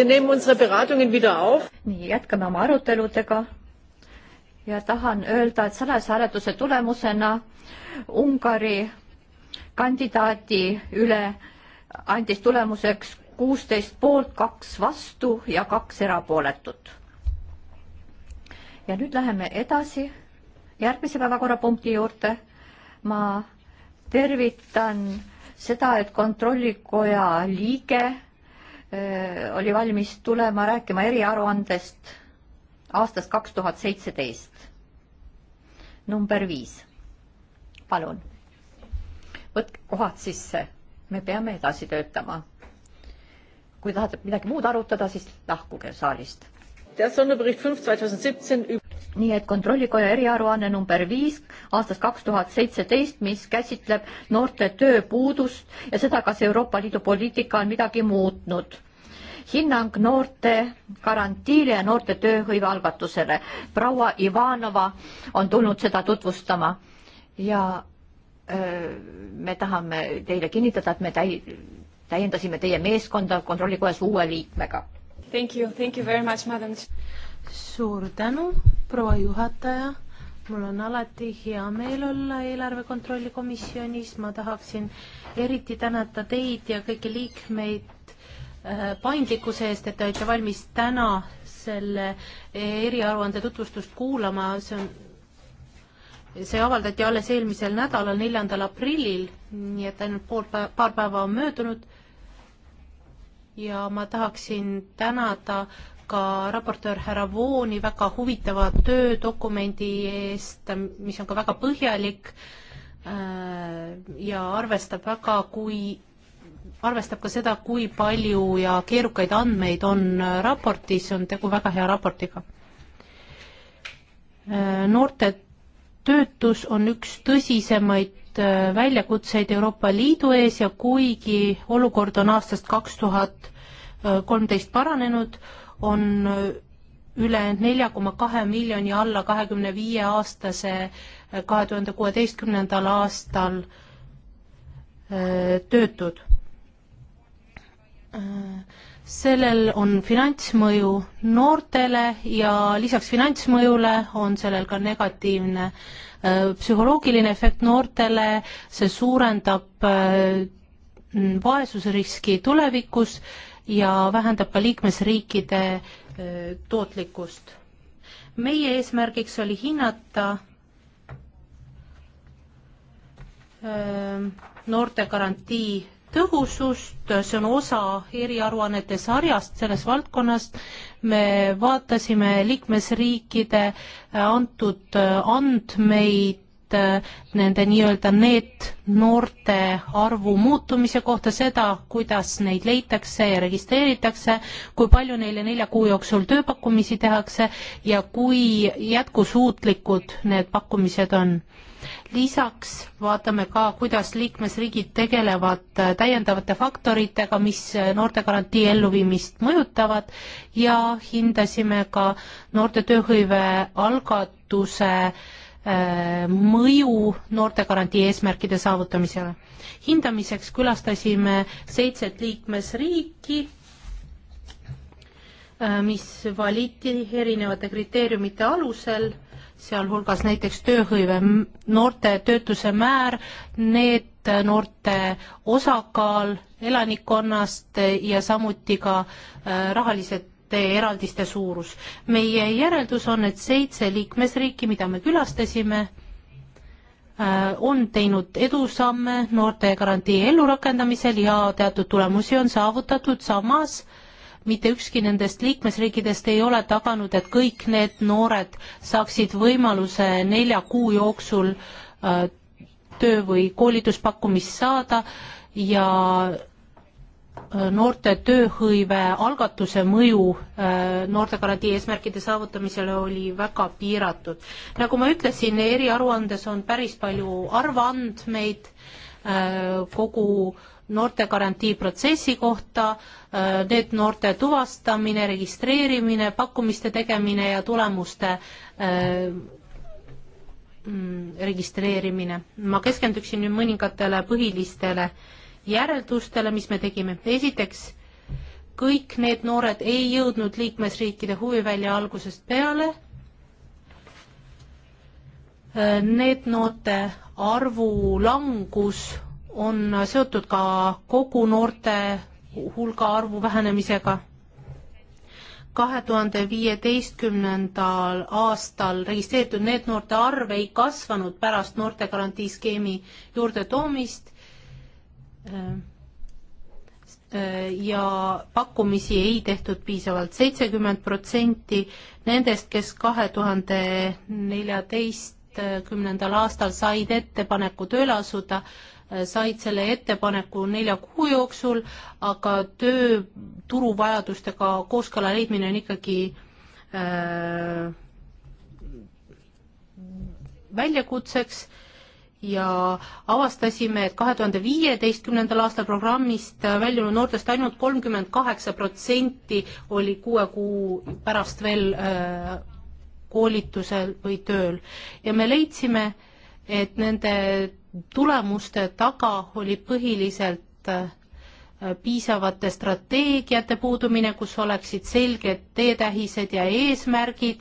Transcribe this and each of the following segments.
nii, jätkame oma aruteludega ja tahan öelda, et salajase hääletuse tulemusena Ungari kandidaadi üle andis tulemuseks kuusteist poolt, kaks vastu ja kaks erapooletut. ja nüüd läheme edasi järgmise päevakorrapunkti juurde. ma tervitan seda, et kontrollikoja liige Äh, oli valmis tulema rääkima eriaruandest aastast kaks tuhat seitseteist. number viis. palun, võtke kohad sisse, me peame edasi töötama. kui tahate midagi muud arutada, siis lahkuge saalist. Der Sonderbericht 5 2017 nii et Kontrollikoja eriaruanne number viis aastast kaks tuhat seitseteist, mis käsitleb noorte tööpuudust ja seda, kas Euroopa Liidu poliitika on midagi muutnud. hinnang noorte garantiile ja noorte tööhõive algatusele. proua Ivanova on tulnud seda tutvustama ja öö, me tahame teile kinnitada, et me täi-, täiendasime teie meeskonda Kontrollikojas uue liikmega Thank you, thank you very much, madam. suur tänu, proua juhataja. mul on alati hea meel olla eelarve kontrolli komisjonis, ma tahaksin eriti tänada teid ja kõiki liikmeid äh, paindlikkuse eest, et te olite valmis täna selle eriaruande tutvustust kuulama, see on see avaldati alles eelmisel nädalal, neljandal aprillil, nii et ainult pool päeva, paar päeva on möödunud ja ma tahaksin tänada ka raportöör härra Vooni väga huvitava töödokumendi eest, mis on ka väga põhjalik äh, ja arvestab väga, kui, arvestab ka seda, kui palju ja keerukaid andmeid on raportis, on tegu väga hea raportiga. Äh, noorte töötus on üks tõsisemaid suurimaid äh, väljakutseid Euroopa Liidu ees ja kuigi olukord on aastast kaks tuhat äh, kolmteist paranenud, on äh, üle nelja koma kahe miljoni alla kahekümne viie aastase kahe tuhande kuueteistkümnendal aastal töötud sellel on finantsmõju noortele ja lisaks finantsmõjule on sellel ka negatiivne äh, psühholoogiline efekt noortele, see suurendab äh, vaesusriski tulevikus ja vähendab ka liikmesriikide äh, tootlikkust. meie eesmärgiks oli hinnata noorte garantii tõhusust, see on osa eriaruannete sarjast selles valdkonnas. me vaatasime liikmesriikide äh, antud äh, andmeid äh, nende nii-öelda NEET-noorte arvu muutumise kohta, seda, kuidas neid leitakse ja registreeritakse, kui palju neile nelja kuu jooksul tööpakkumisi tehakse ja kui jätkusuutlikud need pakkumised on lisaks vaatame ka, kuidas liikmesriigid tegelevad äh, täiendavate faktoritega, mis äh, noortegarantii elluviimist mõjutavad ja hindasime ka noorte tööhõive algatuse äh, mõju noortegarantii eesmärkide saavutamisele. hindamiseks külastasime seitset liikmesriiki, mis valiti erinevate kriteeriumite alusel sealhulgas näiteks tööhõive, noorte töötuse määr, need noorte osakaal elanikkonnast ja samuti ka äh, rahalised eraldiste suurus. meie järeldus on, et seitse liikmesriiki, mida me külastasime, äh, on teinud edusamme noorte garantii ellurakendamisel ja teatud tulemusi on saavutatud, samas äh, mitte ükski nendest liikmesriikidest ei ole taganud, et kõik need noored saaksid võimaluse nelja kuu jooksul äh, töö või koolituspakkumist saada ja äh, noorte tööhõive algatuse mõju äh, noortegarantii eesmärkide saavutamisele oli väga piiratud. nagu ma ütlesin, eriaruandes on päris palju arvandmeid äh, kogu äh, noortegarantii protsessi kohta, äh, need noorte tuvastamine, registreerimine, pakkumiste tegemine ja tulemuste äh, mm, registreerimine. ma keskenduksin nüüd mõningatele põhilistele järeldustele, mis me tegime. esiteks, kõik need noored ei jõudnud liikmesriikide huvi välja algusest peale. Äh, need noorte arvu langus on seotud ka kogu noorte hulga arvu vähenemisega. kahe tuhande viieteistkümnendal aastal registreeritud NEET-noorte arv ei kasvanud pärast noortegarantiiskeemi juurde toomist ja pakkumisi ei tehtud piisavalt. seitsekümmend protsenti nendest, kes kahe tuhande neljateistkümnendal aastal said ettepaneku tööle asuda, said selle ettepaneku nelja kuu jooksul, aga tööturu vajadustega kooskõla leidmine on ikkagi äh, väljakutseks ja avastasime, et kahe tuhande viieteistkümnendal aastal programmist väljunud noortest ainult kolmkümmend kaheksa protsenti oli kuue kuu pärast veel äh, koolitusel või tööl ja me leidsime, et nende tulemuste taga oli põhiliselt äh, piisavate strateegiate puudumine, kus oleksid selged teetähised ja eesmärgid,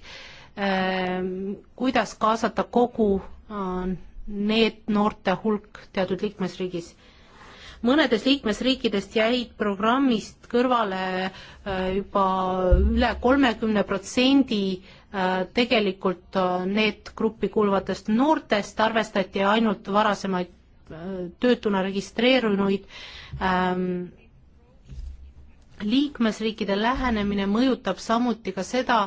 ähm, kuidas kaasata kogu äh, need noorte hulk teatud liikmesriigis. mõnedes liikmesriikidest jäid programmist kõrvale äh, juba üle kolmekümne protsendi Äh, tegelikult äh, need gruppi kuuluvatest noortest arvestati ainult varasemaid äh, töötuna registreerunuid ähm, liikmesriikide lähenemine mõjutab samuti ka seda,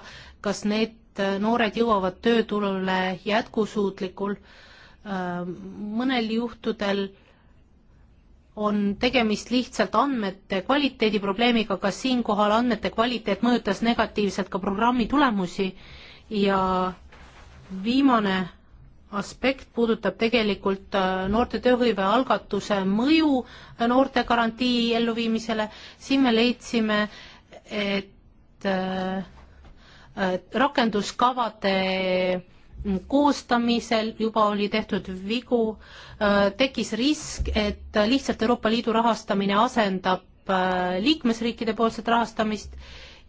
kas need noored jõuavad tööturule jätkusuutlikul ähm,, mõnel juhtudel äh, on tegemist lihtsalt andmete kvaliteedi probleemiga, kas siinkohal andmete kvaliteet mõjutas negatiivselt ka programmi tulemusi ja viimane aspekt puudutab tegelikult äh, noorte tööhõive algatuse mõju äh, noorte garantii elluviimisele, siin me leidsime, et äh, rakenduskavade koostamisel juba oli tehtud vigu, äh, tekkis risk, et lihtsalt Euroopa Liidu rahastamine asendab äh, liikmesriikide poolset rahastamist,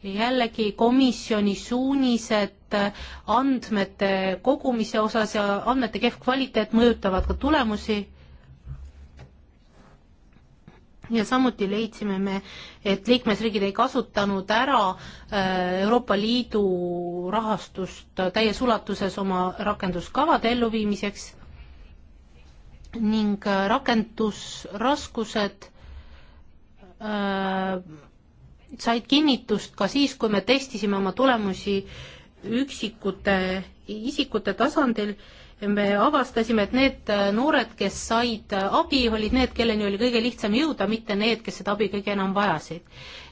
jällegi komisjoni suunised äh, andmete kogumise osas ja andmete kehv kvaliteet mõjutavad ka tulemusi ja samuti leidsime me, et liikmesriigid ei kasutanud ära äh, Euroopa Liidu rahastust täies ulatuses oma rakenduskavade elluviimiseks ning äh, rakendusraskused äh, said kinnitust ka siis, kui me testisime oma tulemusi üksikute isikute tasandil äh, me avastasime, et need äh, noored, kes said äh, abi, olid need, kelleni oli kõige lihtsam jõuda, mitte need, kes seda abi kõige enam vajasid.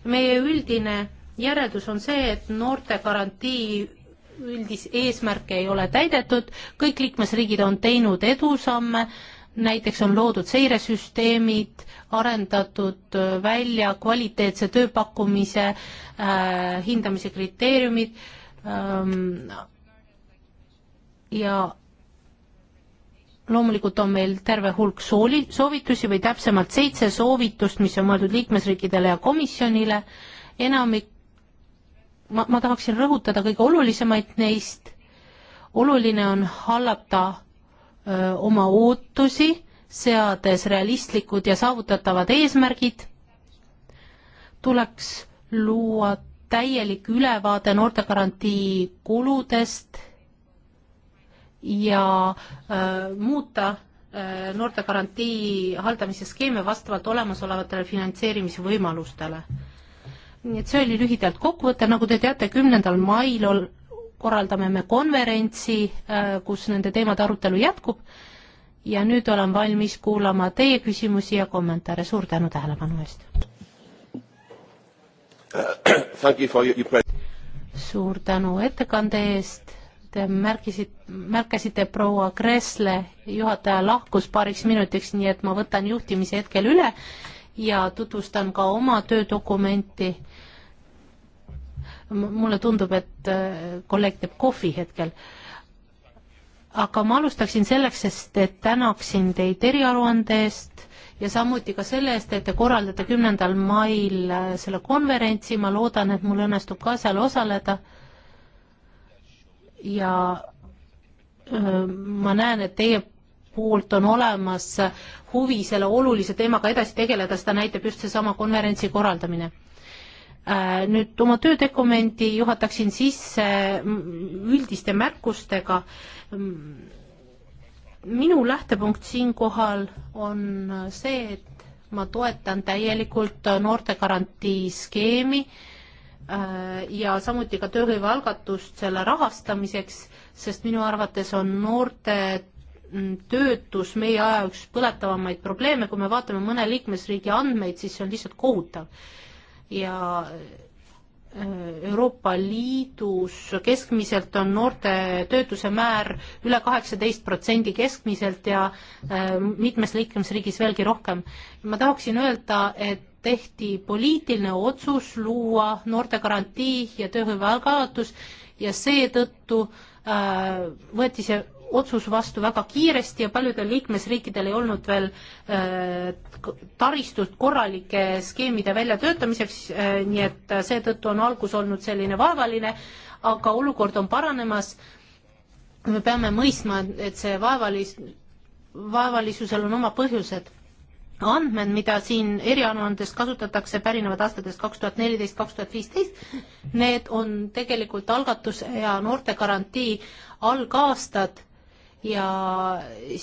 meie üldine järeldus on see, et noorte garantii üldis eesmärke ei ole täidetud, kõik liikmesriigid on teinud edusamme, näiteks on loodud seiresüsteemid, arendatud äh, välja kvaliteetse tööpakkumise äh, hindamise kriteeriumid ähm, ja loomulikult on meil terve hulk sooli, soovitusi või täpsemalt seitse soovitust, mis on mõeldud liikmesriikidele ja komisjonile, enamik, ma, ma tahaksin rõhutada kõige olulisemaid neist, oluline on hallata öö, oma ootusi, seades realistlikud ja saavutatavad eesmärgid, tuleks luua täielik ülevaade noortegarantii kuludest ja äh, muuta äh, noortegarantii haldamise skeeme vastavalt olemasolevatele finantseerimisvõimalustele. nii et see oli lühidalt kokkuvõte, nagu te teate, kümnendal mail ol-, korraldame me konverentsi äh,, kus nende teemade arutelu jätkub ja nüüd olen valmis kuulama teie küsimusi ja kommentaare, suur tänu tähelepanu eest! suur tänu ettekande eest te märkisid, märkasite, proua Kressle, juhataja lahkus paariks minutiks, nii et ma võtan juhtimise hetkel üle ja tutvustan ka oma töödokumenti. mulle tundub, et äh, kolleeg teeb kohvi hetkel. aga ma alustaksin selleks, sest et tänaksin teid eriaruande eest ja samuti ka selle eest, et te korraldate kümnendal mail äh, selle konverentsi, ma loodan, et mul õnnestub ka seal osaleda ja öö, ma näen, et teie poolt on olemas huvi selle olulise teemaga edasi tegeleda, seda näitab just seesama konverentsi korraldamine. Nüüd oma töödokumendi juhataksin sisse üldiste märkustega. minu lähtepunkt siinkohal on see, et ma toetan täielikult noortegarantii skeemi äh, Äh, ja samuti ka tööhõivealgatust selle rahastamiseks, sest minu arvates on noorte mm, töötus meie aja üks põletavamaid probleeme, kui me vaatame mõne liikmesriigi andmeid, siis see on lihtsalt kohutav. ja äh, Euroopa Liidus keskmiselt on noorte töötuse määr üle kaheksateist protsendi keskmiselt ja äh, mitmes liikmesriigis veelgi rohkem. ma tahaksin öelda, et tehti poliitiline otsus luua noortegarantii ja tööhõivealgatus ja seetõttu äh, võeti see otsus vastu väga kiiresti ja paljudel liikmesriikidel ei olnud veel äh, taristut korralike skeemide väljatöötamiseks äh,, nii et seetõttu on algus olnud selline vaevaline, aga olukord on paranemas. me peame mõistma, et see vaevalis-, vaevalisusel on oma põhjused andmed, mida siin eriaruandes kasutatakse, pärinevad aastatest kaks tuhat neliteist, kaks tuhat viisteist, need on tegelikult algatuse ja noortegarantii algastad ja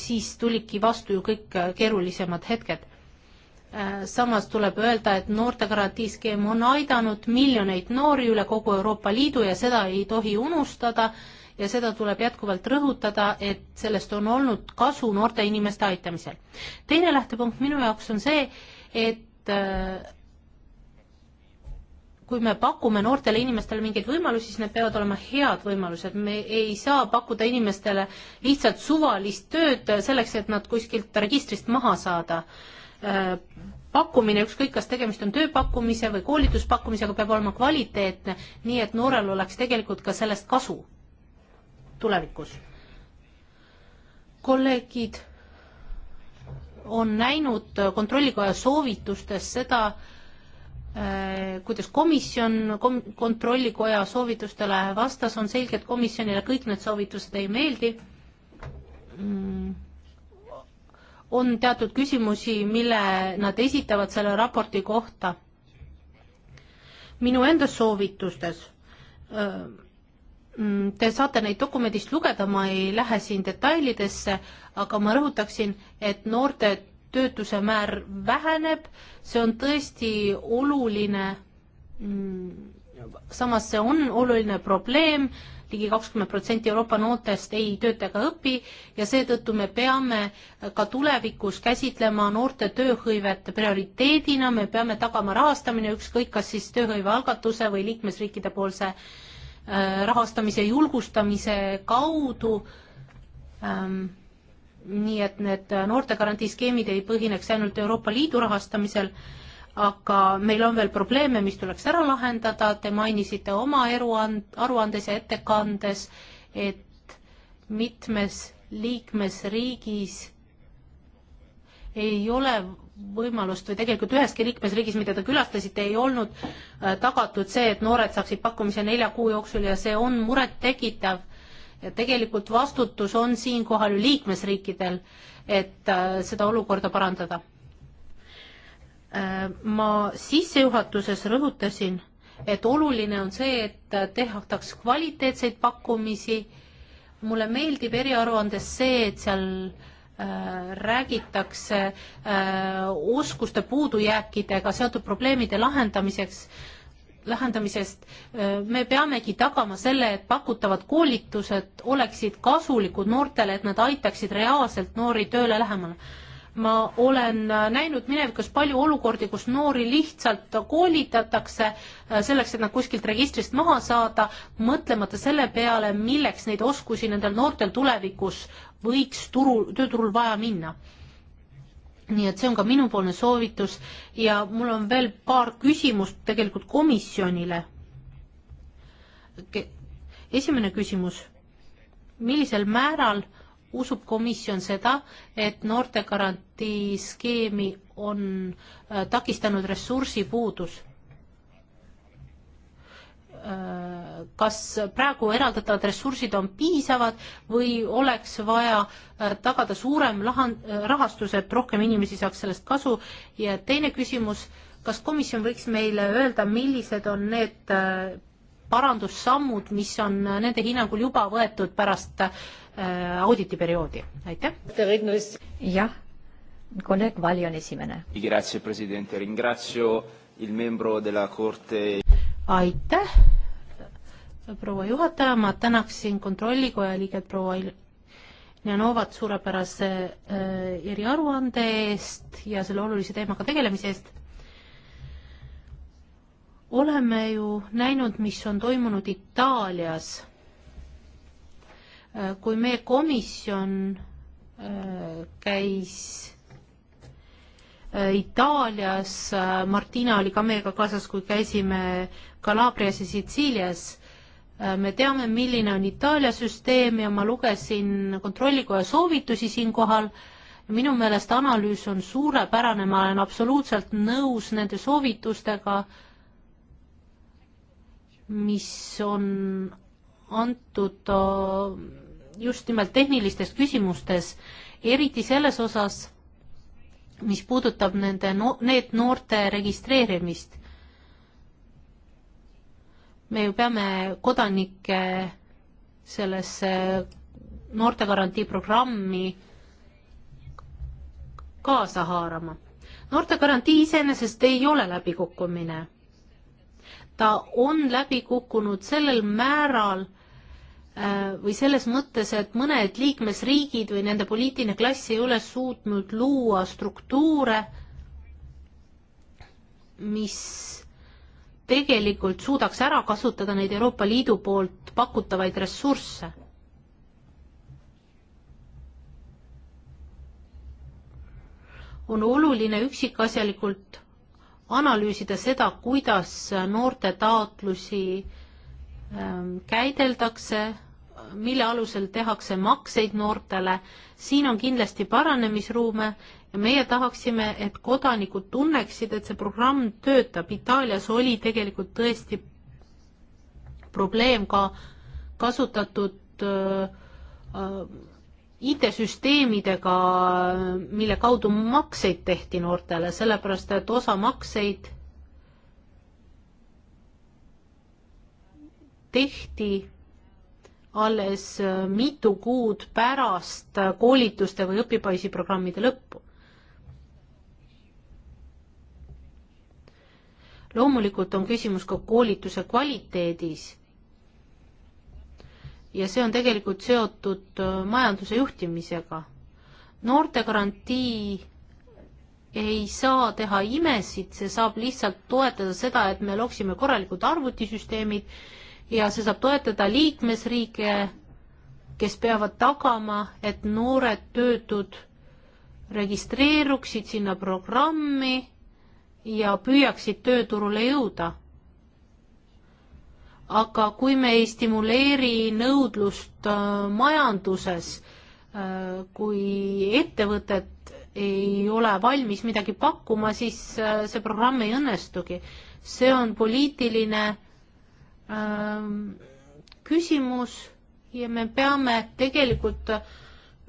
siis tulidki vastu ju kõik keerulisemad hetked. Äh, samas tuleb öelda, et noortegarantiiskeem on aidanud miljoneid noori üle kogu Euroopa Liidu ja seda ei tohi unustada ja seda tuleb jätkuvalt rõhutada, et sellest on olnud kasu noorte inimeste aitamisel. teine lähtepunkt minu jaoks on see, et äh, kui me pakume noortele inimestele mingeid võimalusi, siis need peavad olema head võimalused, me ei saa pakkuda inimestele lihtsalt suvalist tööd selleks, et nad kuskilt registrist maha saada äh, pakkumine, ükskõik kas tegemist on tööpakkumise või koolituspakkumisega, peab olema kvaliteetne, nii et noorel oleks tegelikult ka sellest kasu tulevikus. kolleegid on näinud Kontrollikoja soovitustes seda, eh, kuidas komisjon kom-, Kontrollikoja soovitustele vastas, on selge, et komisjonile kõik need soovitused ei meeldi mm on teatud küsimusi, mille nad esitavad selle raporti kohta. minu enda soovitustes öö, eh, Mm, te saate neid dokumendist lugeda, ma ei lähe siin detailidesse, aga ma rõhutaksin, et noorte töötuse määr väheneb, see on tõesti oluline, mm, samas see on oluline probleem ligi, ligi kakskümmend protsenti Euroopa noortest ei tööta ega õpi ja seetõttu me peame ka tulevikus käsitlema noorte tööhõivet prioriteedina, me peame tagama rahastamine, ükskõik kas siis tööhõive algatuse või liikmesriikide poolse äh, Äh, rahastamise julgustamise kaudu. Ähm, nii et need noortegarantiiskeemid ei põhineks ainult Euroopa Liidu rahastamisel, aga meil on veel probleeme, mis tuleks ära lahendada, te mainisite oma eruand-, aruandes ja ettekandes, et mitmes liikmesriigis ei ole võimalust või tegelikult üheski liikmesriigis, mida te külastasite, ei olnud äh, tagatud see, et noored saaksid pakkumise nelja kuu jooksul ja see on murettekitav. ja tegelikult vastutus on siinkohal ju liikmesriikidel, et äh, seda olukorda parandada. Äh, ma sissejuhatuses rõhutasin, et oluline on see, et tehtaks kvaliteetseid pakkumisi. mulle meeldib eriaruandes see, et seal äh, Äh, räägitakse äh, oskuste puudujääkidega seotud probleemide lahendamiseks, lahendamisest, äh, me peamegi tagama selle, et pakutavad koolitused oleksid kasulikud noortele, et nad aitaksid reaalselt noori tööle lähemale ma olen näinud minevikus palju olukordi, kus noori lihtsalt koolitatakse äh, selleks, et nad kuskilt registrist maha saada, mõtlemata selle peale, milleks neid oskusi nendel noortel tulevikus võiks turu, tööturul vaja minna. nii et see on ka minupoolne soovitus ja mul on veel paar küsimust tegelikult komisjonile. esimene küsimus, millisel määral äh, usub komisjon seda, et noortegarantii skeemi on äh, takistanud ressursipuudus? Äh, kas praegu eraldatavad ressursid on piisavad või oleks vaja äh, tagada suurem lahan-, rahastus, et rohkem inimesi saaks sellest kasu ja teine küsimus, kas komisjon võiks meile öelda, millised on need parandussammud, mis on nende hinnangul juba võetud pärast äh, auditiperioodi, aitäh. jah, kolleeg Vali on esimene. aitäh, proua juhataja, ma tänaksin kontrollikoja liiget proua Janovat suurepärase äh, eriaruande eest ja selle olulise teemaga tegelemise eest oleme ju näinud, mis on toimunud Itaalias, äh, kui meie komisjon äh, käis äh, Itaalias, Martina oli ka meiega kaasas, kui käisime Kalabrias ja Sitsiilias me teame, milline on Itaalia süsteem ja ma lugesin Kontrollikoja soovitusi siinkohal. minu meelest analüüs on suurepärane, ma olen absoluutselt nõus nende soovitustega mis on antud äh, just nimelt tehnilistes küsimustes, eriti selles osas, mis puudutab nende no,, need noorte registreerimist. me ju peame kodanikke sellesse noortegarantii programmi kaasa haarama. noortegarantii iseenesest ei ole läbikukkumine ta on läbi kukkunud sellel määral äh, või selles mõttes, et mõned liikmesriigid või nende poliitiline klass ei ole suutnud luua struktuure, mis tegelikult suudaks ära kasutada neid Euroopa Liidu poolt pakutavaid ressursse. on oluline üksikasjalikult analüüsida seda, kuidas noorte taotlusi ähm, käideldakse, mille alusel tehakse makseid noortele, siin on kindlasti paranemisruume ja meie tahaksime, et kodanikud tunneksid, et see programm töötab. Itaalias oli tegelikult tõesti probleem ka kasutatud öö, äh, öö, äh, IT-süsteemidega, mille kaudu makseid tehti noortele, sellepärast et osa makseid tehti alles mitu kuud pärast koolituste või õpipoisi programmide lõppu. loomulikult on küsimus ka koolituse kvaliteedis ja see on tegelikult seotud äh, majanduse juhtimisega. noortegarantii ei saa teha imesid, see saab lihtsalt toetada seda, et me looksime korralikud arvutisüsteemid ja see saab toetada liikmesriike, kes peavad tagama, et noored töötud registreeruksid sinna programmi ja püüaksid tööturule jõuda aga kui me ei stimuleeri nõudlust äh, majanduses, äh, kui ettevõtted ei ole valmis midagi pakkuma, siis äh, see programm ei õnnestugi. see on poliitiline ähm, küsimus ja me peame tegelikult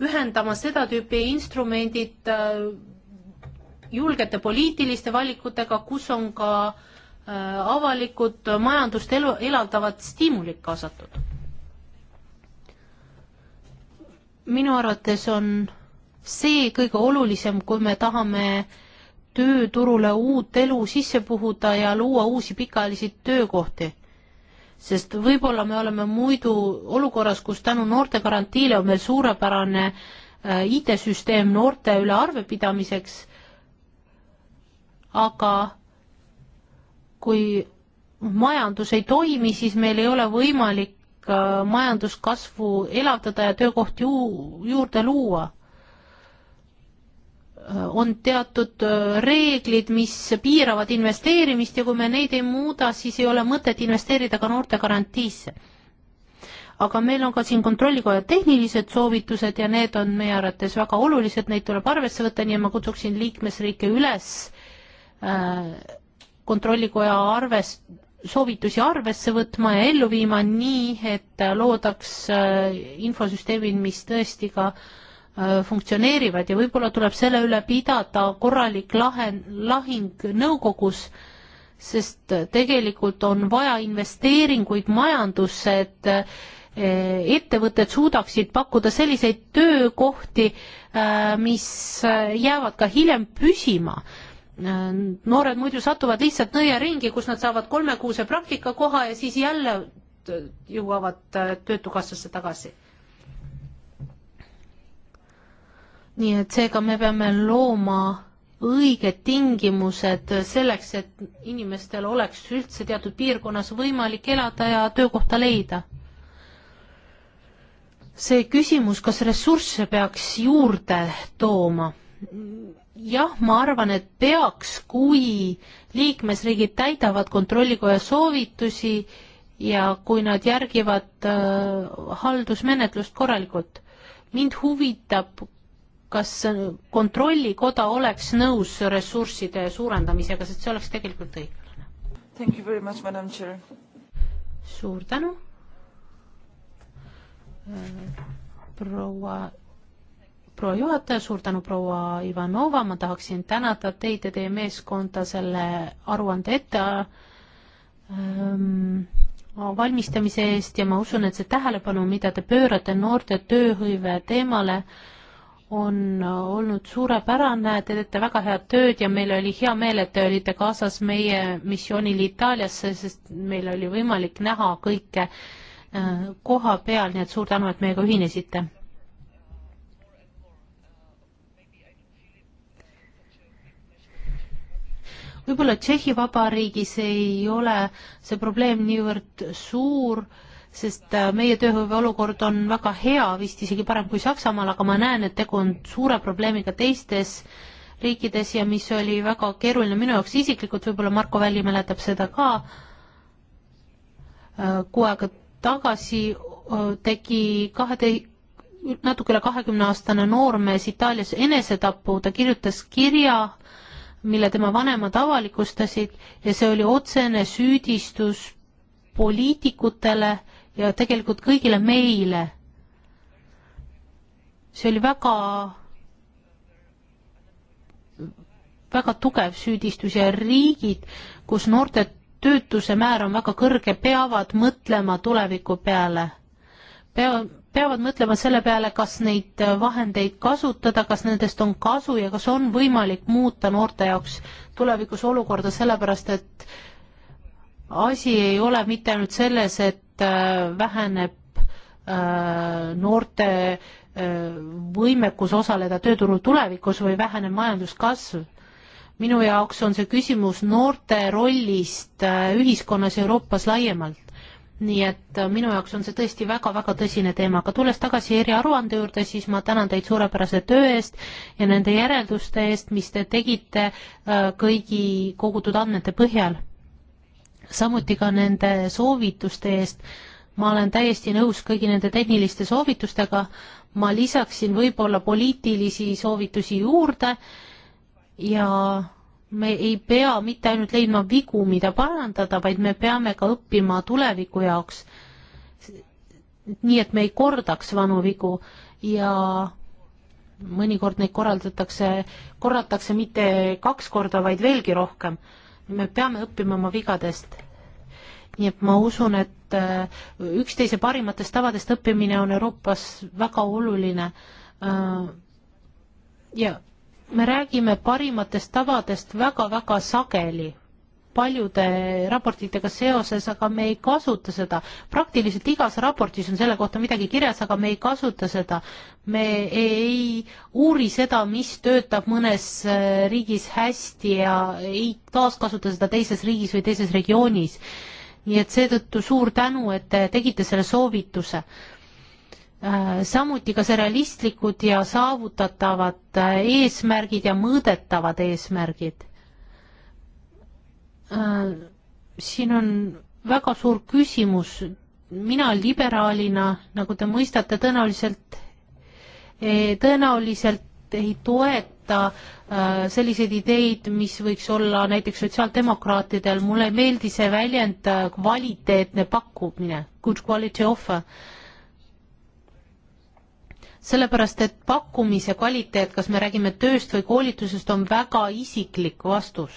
ühendama seda tüüpi instrumendid julgete poliitiliste valikutega, kus on ka äh, Äh, avalikud majandust elu, elavdavad stiimulid kaasatud. minu arvates on see kõige olulisem, kui me tahame tööturule uut elu sisse puhuda ja luua uusi pikaajalisi töökohti. sest võib-olla me oleme muidu olukorras, kus tänu noortegarantiile on meil suurepärane äh, IT-süsteem noorte üle arvepidamiseks, aga kui majandus ei toimi, siis meil ei ole võimalik äh, majanduskasvu elavdada ja töökohti juurde luua. Äh, on teatud äh, reeglid, mis piiravad investeerimist ja kui me neid ei muuda, siis ei ole mõtet investeerida ka noorte garantiisse. aga meil on ka siin Kontrollikoja tehnilised soovitused ja need on meie arvates väga olulised, neid tuleb arvesse võtta, nii et ma kutsuksin liikmesriike üles äh, kontrollikoja arves, soovitusi arvesse võtma ja ellu viima nii, et loodaks äh, infosüsteemid, mis tõesti ka äh, funktsioneerivad ja võib-olla tuleb selle üle pidada korralik lahen-, lahing nõukogus, sest tegelikult on vaja investeeringuid majandusse, et äh, ettevõtted suudaksid pakkuda selliseid töökohti, mis jäävad ka hiljem püsima Äh, noored muidu satuvad lihtsalt nõiaringi, kus nad saavad kolmekuuse praktikakoha ja siis jälle äh, jõuavad äh, Töötukassasse tagasi. nii et seega me peame looma õiged tingimused selleks, et inimestel oleks üldse teatud piirkonnas võimalik elada ja töökohta leida. see küsimus, kas ressursse peaks juurde tooma, jah, ma arvan, et peaks, kui liikmesriigid täidavad kontrollikoja soovitusi ja kui nad järgivad äh, haldusmenetlust korralikult. mind huvitab, kas kontrollikoda oleks nõus ressursside suurendamisega, sest see oleks tegelikult õiglane. suur tänu. Äh, proua proua juhataja, suur tänu, proua Ivanova, ma tahaksin tänada teid ja teie meeskonda selle aruande ette ähm, valmistamise eest ja ma usun, et see tähelepanu, mida te pöörate noorte tööhõive teemale, on olnud suurepärane, te teete väga head tööd ja meil oli hea meel, et te olite kaasas meie missioonil Itaaliasse, sest meil oli võimalik näha kõike äh, koha peal, nii et suur tänu, et meiega ühinesite võib-olla Tšehhi Vabariigis ei ole see probleem niivõrd suur, sest äh, meie tööhõive olukord on väga hea, vist isegi parem kui Saksamaal, aga ma näen, et tegu on suure probleemiga teistes riikides ja mis oli väga keeruline minu jaoks isiklikult, võib-olla Marko Välli mäletab seda ka, äh, kuu aega tagasi äh, tegi kahe te-, natuke üle kahekümne aastane noormees Itaalias enesetapu, ta kirjutas kirja äh, mille tema vanemad avalikustasid ja see oli otsene süüdistus poliitikutele ja tegelikult kõigile meile. see oli väga, väga tugev süüdistus ja riigid, kus noorte töötuse määr on väga kõrge, peavad mõtlema tuleviku peale. pea, peavad mõtlema selle peale, kas neid vahendeid kasutada, kas nendest on kasu ja kas on võimalik muuta noorte jaoks tulevikus olukorda, sellepärast et asi ei ole mitte ainult selles, et äh, väheneb äh, noorte äh, võimekus osaleda tööturul tulevikus või väheneb majanduskasv. minu jaoks on see küsimus noorte rollist ühiskonnas Euroopas laiemalt nii et äh, minu jaoks on see tõesti väga-väga tõsine teema, aga tulles tagasi eriaruande juurde, siis ma tänan teid suurepärase töö eest ja nende järelduste eest, mis te tegite äh, kõigi kogutud andmete põhjal. samuti ka nende soovituste eest, ma olen täiesti nõus kõigi nende tehniliste soovitustega, ma lisaksin võib-olla poliitilisi soovitusi juurde ja me ei pea mitte ainult leidma vigu, mida parandada, vaid me peame ka õppima tuleviku jaoks. nii et me ei kordaks vanu vigu ja mõnikord neid korraldatakse, korratakse mitte kaks korda, vaid veelgi rohkem. me peame õppima oma vigadest. nii et ma usun, et äh, üksteise parimatest tavadest õppimine on Euroopas väga oluline. Äh, ja me räägime parimatest tavadest väga-väga sageli paljude raportitega seoses, aga me ei kasuta seda. praktiliselt igas raportis on selle kohta midagi kirjas, aga me ei kasuta seda. me ei uuri seda, mis töötab mõnes äh, riigis hästi ja ei taaskasuta seda teises riigis või teises regioonis. nii et seetõttu suur tänu, et te tegite selle soovituse Äh, samuti ka see realistlikud ja saavutatavad äh, eesmärgid ja mõõdetavad eesmärgid. Äh, siin on väga suur küsimus, mina liberaalina, nagu te mõistate, tõenäoliselt, eh, tõenäoliselt ei toeta selliseid ideid, mis võiks olla näiteks sotsiaaldemokraatidel, mulle ei meeldi see väljend kvaliteetne pakkumine, good quality offer sellepärast et pakkumise kvaliteet, kas me räägime tööst või koolitusest, on väga isiklik vastus.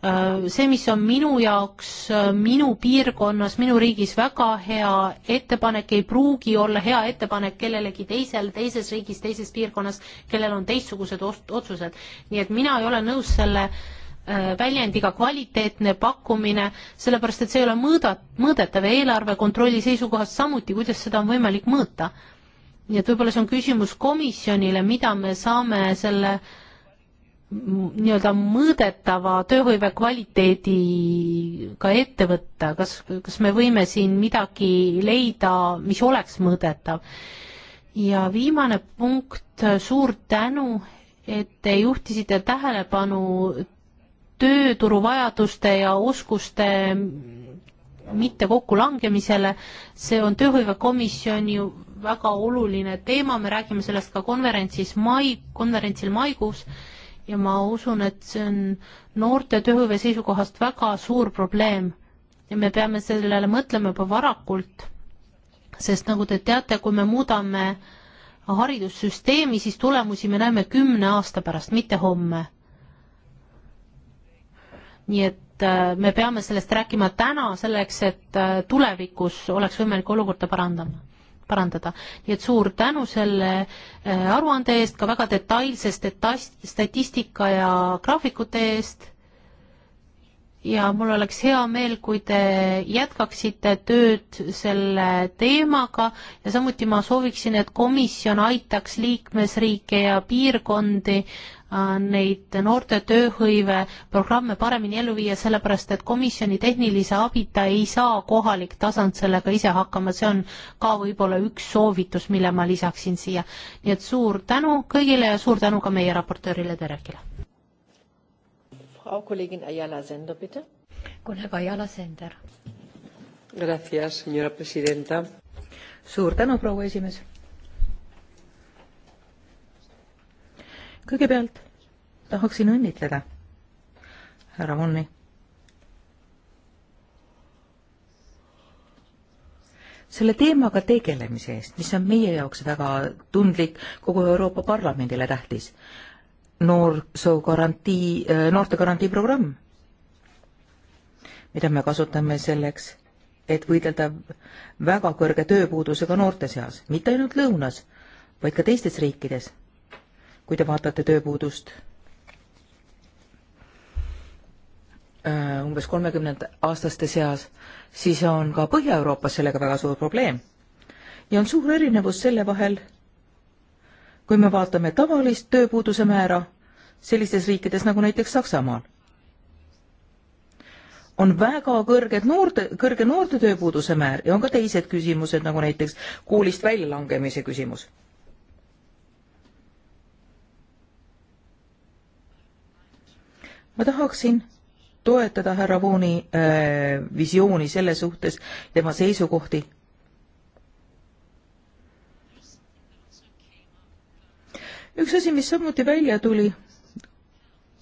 Äh, see, mis on minu jaoks, äh, minu piirkonnas, minu riigis väga hea ettepanek, ei pruugi olla hea ettepanek kellelegi teisel, teises riigis, teises piirkonnas, kellel on teistsugused otsused. nii et mina ei ole nõus selle äh, väljendiga kvaliteetne pakkumine, sellepärast et see ei ole mõõda, mõõdetav ja eelarve kontrolli seisukohast samuti, kuidas seda on võimalik mõõta nii et võib-olla see on küsimus komisjonile, mida me saame selle nii-öelda mõõdetava tööhõive kvaliteediga ka ette võtta, kas, kas me võime siin midagi leida, mis oleks mõõdetav? ja viimane punkt, suur tänu, et te juhtisite tähelepanu tööturu vajaduste ja oskuste mitte kokkulangemisele, see on tööhõivekomisjoni väga oluline teema, me räägime sellest ka konverentsis mai, konverentsil maikuus ja ma usun, et see on noorte tööhõive seisukohast väga suur probleem ja me peame sellele mõtlema juba varakult, sest nagu te teate, kui me muudame haridussüsteemi, siis tulemusi me näeme kümne aasta pärast, mitte homme. nii et äh, me peame sellest rääkima täna, selleks et äh, tulevikus oleks võimalik olukorda parandama parandada. nii et suur tänu selle äh, aruande eest, ka väga detailse statistika ja graafikute eest ja mul oleks hea meel, kui te jätkaksite tööd selle teemaga ja samuti ma sooviksin, et komisjon aitaks liikmesriike ja piirkondi Äh, neid noorte tööhõive programme paremini ellu viia, sellepärast et komisjoni tehnilise abita ei saa kohalik tasand sellega ise hakkama, see on ka võib-olla üks soovitus, mille ma lisaksin siia. nii et suur tänu kõigile ja suur tänu ka meie raportöörile Terekile. kolleeg Ayala Sender. suur tänu, proua esimees kõigepealt tahaksin õnnitleda härra Vonni. selle teemaga tegelemise eest, mis on meie jaoks väga tundlik, kogu Euroopa Parlamendile tähtis, noorsoogarantii, äh, noortegarantii programm, mida me kasutame selleks, et võidelda väga kõrge tööpuudusega noorte seas, mitte ainult lõunas, vaid ka teistes riikides kui te vaatate tööpuudust äh, umbes kolmekümnendaastaste seas, siis on ka Põhja-Euroopas sellega väga suur probleem. ja on suur erinevus selle vahel, kui me vaatame tavalist tööpuuduse määra sellistes riikides nagu näiteks Saksamaal. on väga kõrged noorte, kõrge noorte tööpuuduse määr ja on ka teised küsimused, nagu näiteks koolist väljalangemise küsimus ma tahaksin toetada härra Vooni äh, visiooni selle suhtes, tema seisukohti. üks asi, mis samuti välja tuli,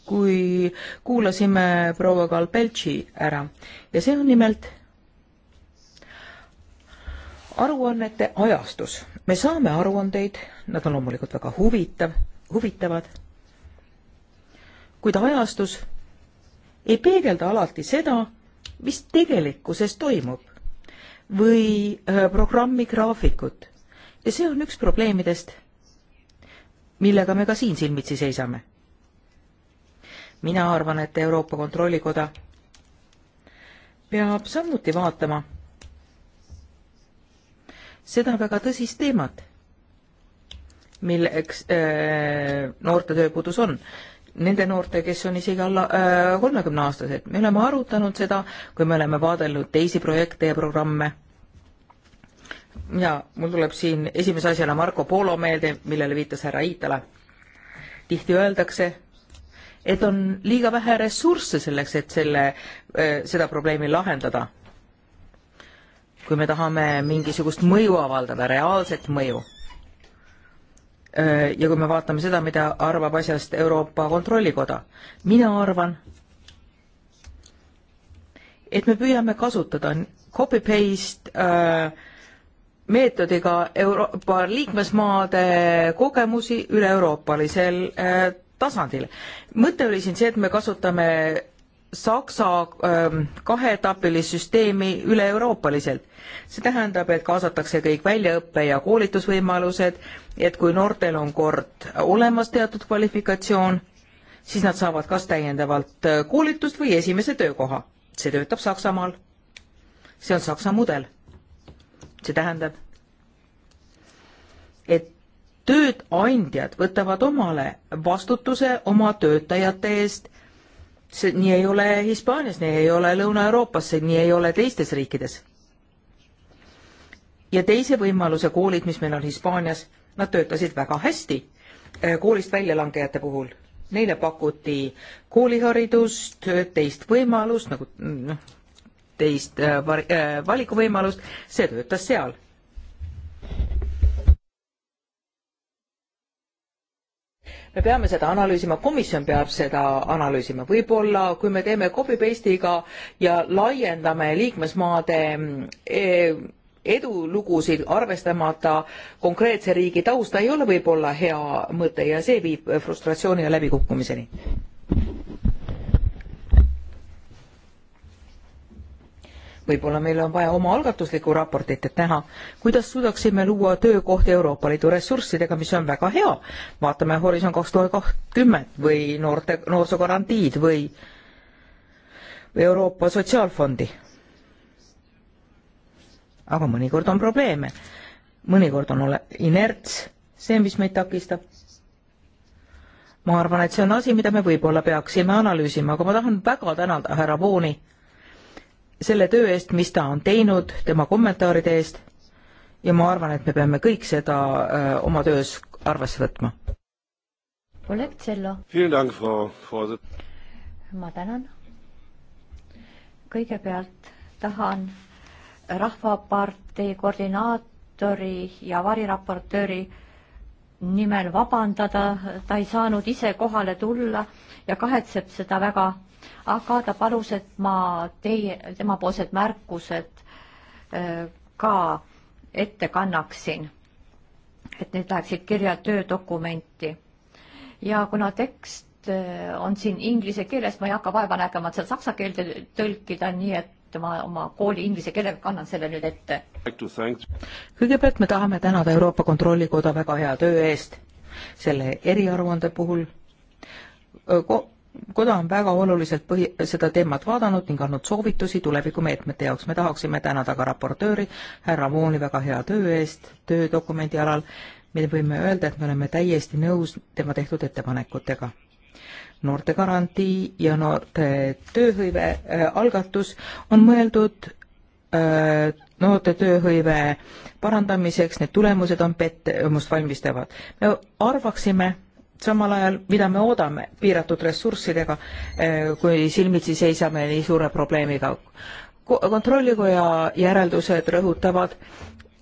kui kuulasime proua Galbeltši ära ja see on nimelt aruannete ajastus. me saame aruandeid, nad on loomulikult väga huvitav, huvitavad kuid ajastus ei peegelda alati seda, mis tegelikkuses toimub või äh, programmi graafikut. ja see on üks probleemidest, millega me ka siin silmitsi seisame. mina arvan, et Euroopa Kontrollikoda peab samuti vaatama seda väga tõsist teemat, milleks äh, noorte tööpuudus on nende noorte, kes on isegi alla äh, kolmekümneaastased äh,. me oleme arutanud seda, kui me oleme vaadelnud teisi projekte ja programme. ja mul tuleb siin esimese asjana Marco Polo meelde, millele viitas härra Iitala. tihti öeldakse, et on liiga vähe ressursse selleks, et selle äh,, seda probleemi lahendada. kui me tahame mingisugust mõju avaldada, reaalset mõju Äh, ja kui me vaatame seda, mida arvab asjast Euroopa Kontrollikoda, mina arvan, et me püüame kasutada copy-paste äh, meetodiga Euroopa liikmesmaade kogemusi üle-euroopalisel äh, tasandil. mõte oli siin see, et me kasutame Saksa ähm, kaheetapilist süsteemi üle-euroopaliselt. see tähendab, et kaasatakse kõik väljaõppe- ja koolitusvõimalused, et kui noortel on kord olemas teatud kvalifikatsioon, siis nad saavad kas täiendavalt äh, koolitust või esimese töökoha. see töötab Saksamaal. see on Saksa mudel. see tähendab, et tööandjad võtavad omale vastutuse oma töötajate eest see nii ei ole Hispaanias, nii ei ole Lõuna-Euroopas, see nii ei ole teistes riikides. ja teise võimaluse koolid, mis meil on Hispaanias, nad töötasid väga hästi äh, koolist väljalangejate puhul. Neile pakuti kooliharidust, teist võimalust nagu noh, teist äh, äh valikuvõimalust, see töötas seal me peame seda analüüsima, komisjon peab seda analüüsima, võib-olla kui me teeme copy paste'iga ja laiendame liikmesmaade e, edulugusid arvestamata konkreetse riigi tausta ei ole võib-olla hea mõte ja see viib frustratsiooni ja läbikukkumiseni võib-olla meil on vaja omaalgatuslikku raportit, et näha, kuidas suudaksime luua töökohti Euroopa Liidu ressurssidega, mis on väga hea. vaatame Horisont kaks tuhat kakskümmend või noorte, noorsoogarantiid või Euroopa Sotsiaalfondi. aga mõnikord on probleeme. mõnikord on ole-, inerts, see, mis meid takistab ma arvan, et see on asi, mida me võib-olla peaksime analüüsima, aga ma tahan väga tänada härra Vooni äh, selle töö eest, mis ta on teinud, tema kommentaaride eest ja ma arvan, et me peame kõik seda öö, äh, oma töös arvesse võtma. kolleeg Tsello. ma tänan. kõigepealt tahan Rahvapartei koordinaatori ja variraportööri nimel vabandada, ta ei saanud ise kohale tulla ja kahetseb seda väga aga ta palus, et ma teie, temapoolsed märkused äh, ka ette kannaksin, et need läheksid kirja töödokumenti. ja kuna tekst äh, on siin inglise keeles, ma ei hakka vaeva nägema, et seal saksa keelde tõlkida, nii et ma oma kooli inglise keelega kannan selle nüüd ette. kõigepealt me tahame tänada Euroopa Kontrollikoda väga hea töö eest selle eriaruande puhul Ko koda on väga oluliselt põhi, seda teemat vaadanud ning andnud soovitusi tulevikumeetmete jaoks. me tahaksime tänada ka raportööri härra Vooni väga hea töö eest töödokumendi alal. me võime öelda, et me oleme täiesti nõus tema tehtud ettepanekutega noortegarantii ja noorte tööhõive äh, algatus on mõeldud äh, noorte tööhõive parandamiseks, need tulemused on pettumust valmistavad. me arvaksime, samal ajal, mida me oodame piiratud ressurssidega, eh, kui silmitsi seisame nii suure probleemiga. kontrollikoja järeldused rõhutavad,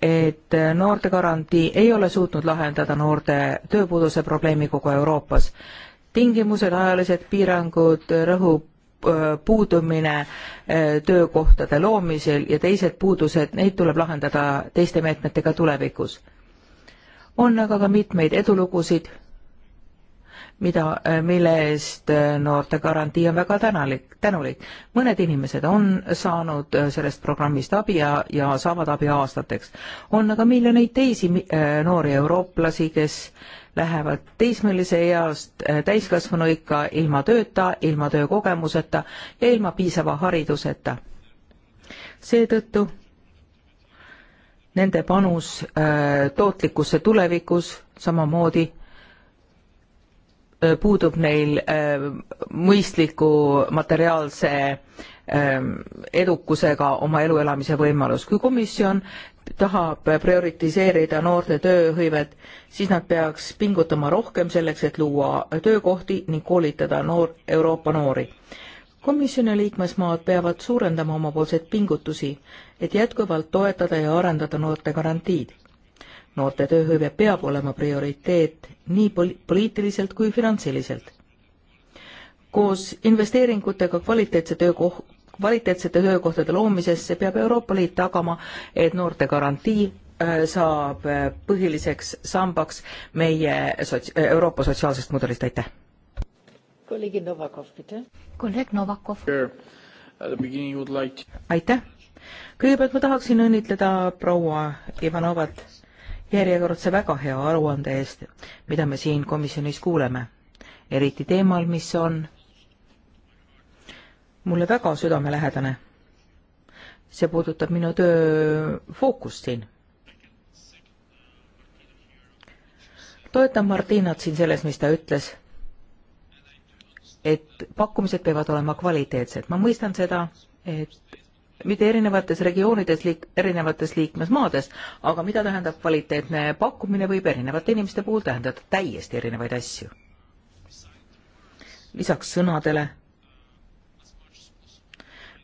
et noortegarantii ei ole suutnud lahendada noorte tööpuuduse probleemi kogu Euroopas. tingimused, ajalised piirangud, rõhu eh, puudumine eh, töökohtade loomisel ja teised puudused, neid tuleb lahendada teiste meetmetega tulevikus. on aga ka mitmeid edulugusid mida, äh, mille eest äh, noorte garantii on väga tänulik, tänulik. mõned inimesed on saanud äh, sellest programmist abi ja, ja saavad abi aastateks. on aga miljoneid teisi noori eurooplasi, kes lähevad teismelise east täiskasvanuikka ilma tööta, ilma töökogemuseta ja ilma piisava hariduseta. seetõttu nende panus äh, tootlikkusse tulevikus samamoodi äh, Äh, puudub neil äh, mõistliku materiaalse ähm, edukusega oma elu elamise võimalus. kui komisjon tahab prioritiseerida noorte tööhõivet, siis nad peaks pingutama rohkem selleks, et luua töökohti ning koolitada noor, Euroopa noori. komisjoni liikmesmaad peavad suurendama omapoolseid pingutusi, et jätkuvalt toetada ja arendada noorte garantiid noorte tööhõive peab olema prioriteet nii poli-, poliitiliselt kui finantsiliselt. koos investeeringutega kvaliteetse töökoh-, kvaliteetsete töökohtade loomisesse peab Euroopa Liit tagama, et noorte garantii äh, saab äh, põhiliseks sambaks meie sots-, äh, Euroopa sotsiaalsest mudelist, aitäh! kolleeg Novakov, aitäh! kolleeg Novakov. aitäh! kõigepealt ma tahaksin õnnitleda proua Ivanovat järjekordse väga hea aruande eest, mida me siin komisjonis kuuleme, eriti teemal, mis on mulle väga südamelähedane. see puudutab minu töö fookust siin. toetan Martinat siin selles, mis ta ütles, et pakkumised peavad olema kvaliteetsed, ma mõistan seda, et mitte erinevates regioonides liik-, erinevates liikmesmaades, aga mida tähendab kvaliteetne pakkumine, võib erinevate inimeste puhul tähendada täiesti erinevaid asju. lisaks sõnadele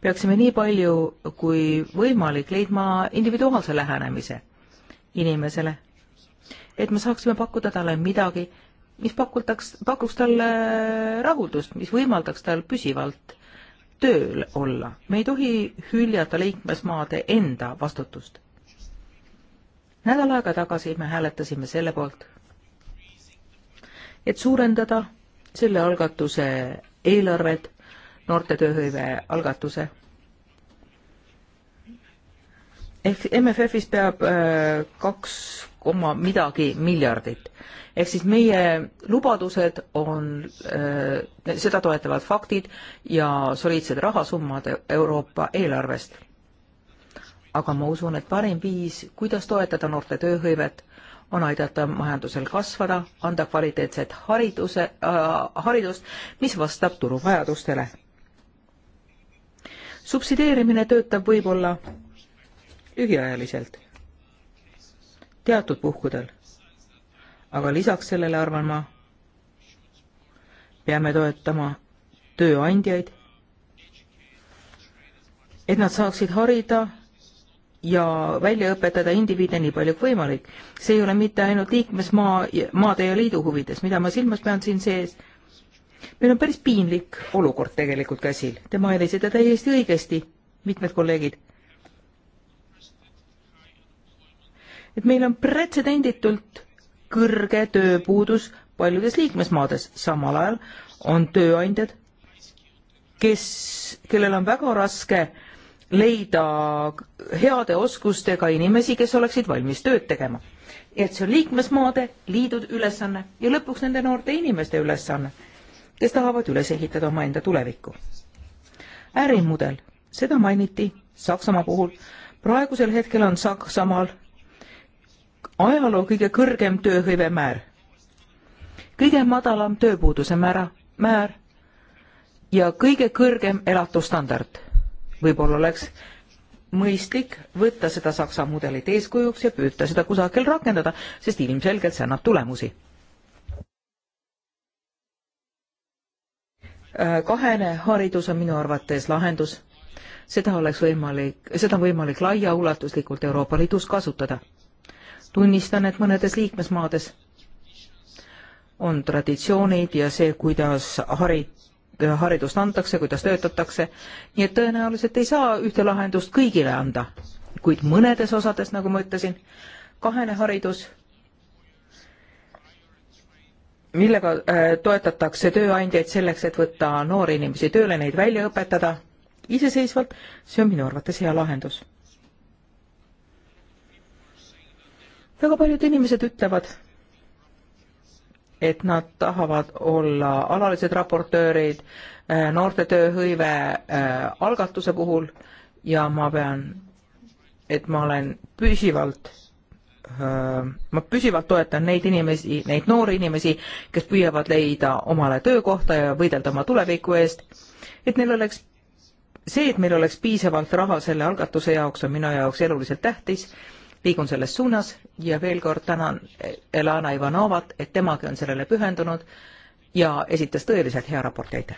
peaksime nii palju kui võimalik leidma individuaalse lähenemise inimesele, et me saaksime pakkuda talle midagi, mis pakutaks, pakuks talle rahuldust, mis võimaldaks tal püsivalt tööl olla. me ei tohi hüljata liikmesmaade enda vastutust. nädal aega tagasi me hääletasime selle poolt, et suurendada selle algatuse eelarvet, noorte tööhõive algatuse. ehk MFF-is peab äh, kaks koma midagi miljardit. ehk siis meie lubadused on äh,, seda toetavad faktid ja soliidsed rahasummad e-, Euroopa eelarvest. aga ma usun, et parim viis, kuidas toetada noorte tööhõivet, on aidata majandusel kasvada, anda kvaliteetset hariduse äh,, haridust, mis vastab turu vajadustele. subsideerimine töötab võib-olla lühiajaliselt teatud puhkudel. aga lisaks sellele arvan ma, peame toetama tööandjaid, et nad saaksid harida ja välja õpetada indiviide nii palju kui võimalik. see ei ole mitte ainult liikmesmaa, maade ja liidu huvides, mida ma silmas pean siin sees. meil on päris piinlik olukord tegelikult käsil, te mainisite täiesti õigesti, mitmed kolleegid et meil on pretsedenditult kõrge tööpuudus paljudes liikmesmaades, samal ajal on tööandjad, kes, kellel on väga raske leida heade oskustega inimesi, kes oleksid valmis tööd tegema. et see on liikmesmaade liidud ülesanne ja lõpuks nende noorte inimeste ülesanne, kes tahavad üles ehitada omaenda tulevikku. ärimudel, seda mainiti Saksamaa puhul. praegusel hetkel on Saksamaal ajaloo kõige kõrgem tööhõive määr, kõige madalam tööpuuduse määra, määr ja kõige kõrgem elatusstandard. võib-olla oleks mõistlik võtta seda Saksa mudelit eeskujuks ja püüda seda kusagil rakendada, sest ilmselgelt see annab tulemusi. Äh, kahene haridus on minu arvates lahendus. seda oleks võimalik, seda on võimalik laiaulatuslikult Euroopa Liidus kasutada tunnistan, et mõnedes liikmesmaades on traditsioonid ja see, kuidas hari-, haridust antakse, kuidas töötatakse, nii et tõenäoliselt ei saa ühte lahendust kõigile anda. kuid mõnedes osades, nagu ma ütlesin, kahene haridus, millega äh, toetatakse tööandjaid selleks, et võtta noori inimesi tööle, neid välja õpetada iseseisvalt, see on minu arvates hea lahendus väga paljud inimesed ütlevad, et nad tahavad olla alalised raportöörid eh, noorte tööhõive eh, algatuse puhul ja ma pean, et ma olen püsivalt eh, ma püsivalt toetan neid inimesi, neid noori inimesi, kes püüavad leida omale töökohta ja võidelda oma tuleviku eest, et neil oleks, see, et meil oleks piisavalt raha selle algatuse jaoks, on minu jaoks eluliselt tähtis liigun selles suunas ja veel kord tänan Elana Ivanovat, et temagi on sellele pühendunud ja esitas tõeliselt hea raporti, aitäh!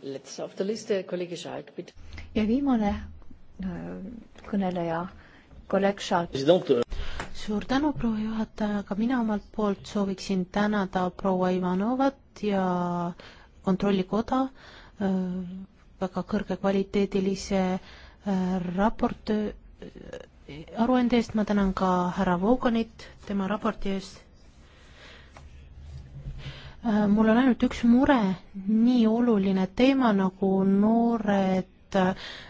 Eh, ja viimane äh, kõneleja, kolleeg Schalk. Eh. suur tänu, proua juhataja, ka mina omalt poolt sooviksin tänada proua Ivanovat ja kontrollikoda äh, väga kõrgekvaliteedilise äh, raport aruande eest, ma tänan ka härra Vooganit tema raporti eest. Äh, mul on ainult üks mure, nii oluline teema nagu noored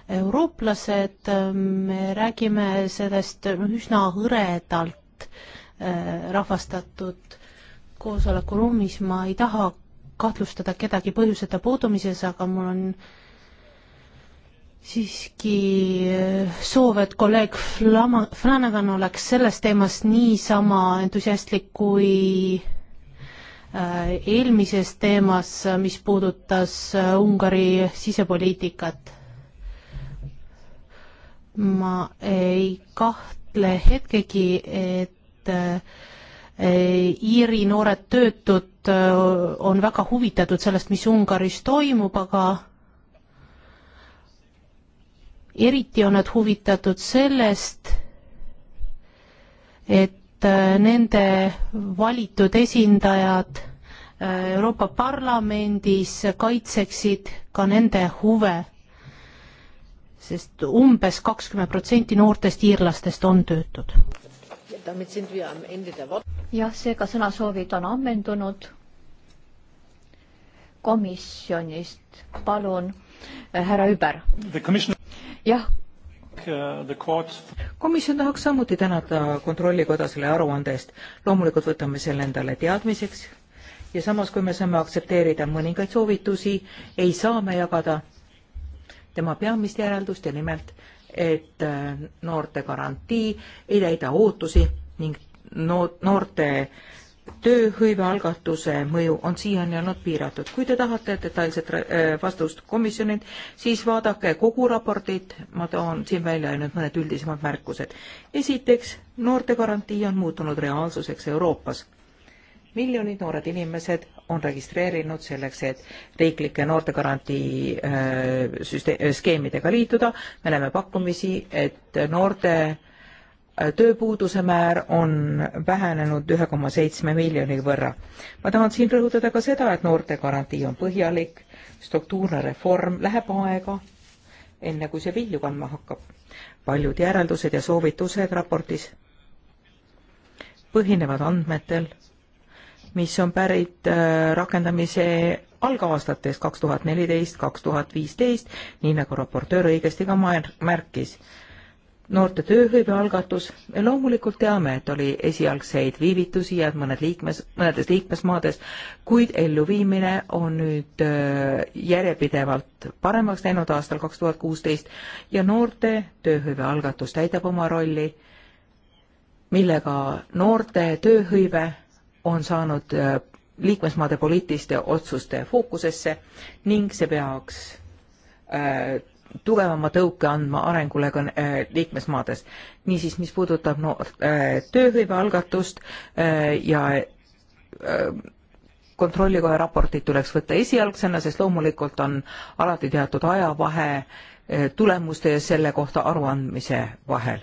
eurooplased, me räägime sellest üsna hõredalt äh, rahvastatud koosolekuruumis, ma ei taha kahtlustada kedagi põhjuseta puudumises, aga mul on äh, siiski eh, soov, et kolleeg Flama-, Flanagan oleks selles teemas niisama entusiastlik kui eh, eelmises teemas, mis puudutas eh, Ungari sisepoliitikat. ma ei kahtle hetkegi, et Iiri noored töötud on väga huvitatud sellest, mis Ungaris toimub, aga eriti on nad huvitatud sellest, et äh, nende valitud esindajad äh, Euroopa Parlamendis kaitseksid ka nende huve, sest umbes kakskümmend protsenti noortest iirlastest on töötud. jah, seega sõnasoovid on ammendunud komisjonist, palun, äh, härra Über jah. Uh, komisjon tahaks samuti tänada Kontrollikoda selle aruande eest. loomulikult võtame selle endale teadmiseks ja samas, kui me saame aktsepteerida mõningaid soovitusi, ei saa me jagada tema peamist järeldust ja nimelt, et äh, noorte garantii ei täida ootusi ning noorte äh, tööhõivealgatuse mõju on siiani olnud piiratud. kui te tahate detailset äh, vastust komisjonilt, siis vaadake kogu raportit, ma toon siin välja ainult mõned üldisemad märkused. esiteks, noortegarantii on muutunud reaalsuseks Euroopas miljonid noored inimesed on registreerinud selleks, et riiklike noortegarantii äh, süste-, äh, skeemidega liituda. me näeme pakkumisi, et noorte tööpuuduse määr on vähenenud ühe koma seitsme miljoni võrra. ma tahan siin rõhutada ka seda, et noortegarantii on põhjalik, struktuurne reform läheb aega, enne kui see vilju kandma hakkab. paljud järeldused ja soovitused raportis põhinevad andmetel, mis on pärit äh, rakendamise algaastatest kaks tuhat neliteist, kaks tuhat viisteist, nii nagu raportöör õigesti ka märkis noorte tööhõive algatus, loomulikult teame, et oli esialgseid viivitusi ja et mõned liikmes, mõnedes liikmesmaades, kuid elluviimine on nüüd äh, järjepidevalt paremaks läinud aastal kaks tuhat kuusteist ja noorte tööhõive algatus täidab oma rolli, millega noorte tööhõive on saanud äh, liikmesmaade poliitiliste otsuste fookusesse ning see peaks äh, tugevama tõuke andma arengule ka äh, liikmesmaades. niisiis, mis puudutab no äh, tööhõive algatust äh, ja kontrollikoja raportit tuleks võtta esialgsena, sest loomulikult on alati teatud ajavahe tulemuste ja selle kohta aruandmise vahel.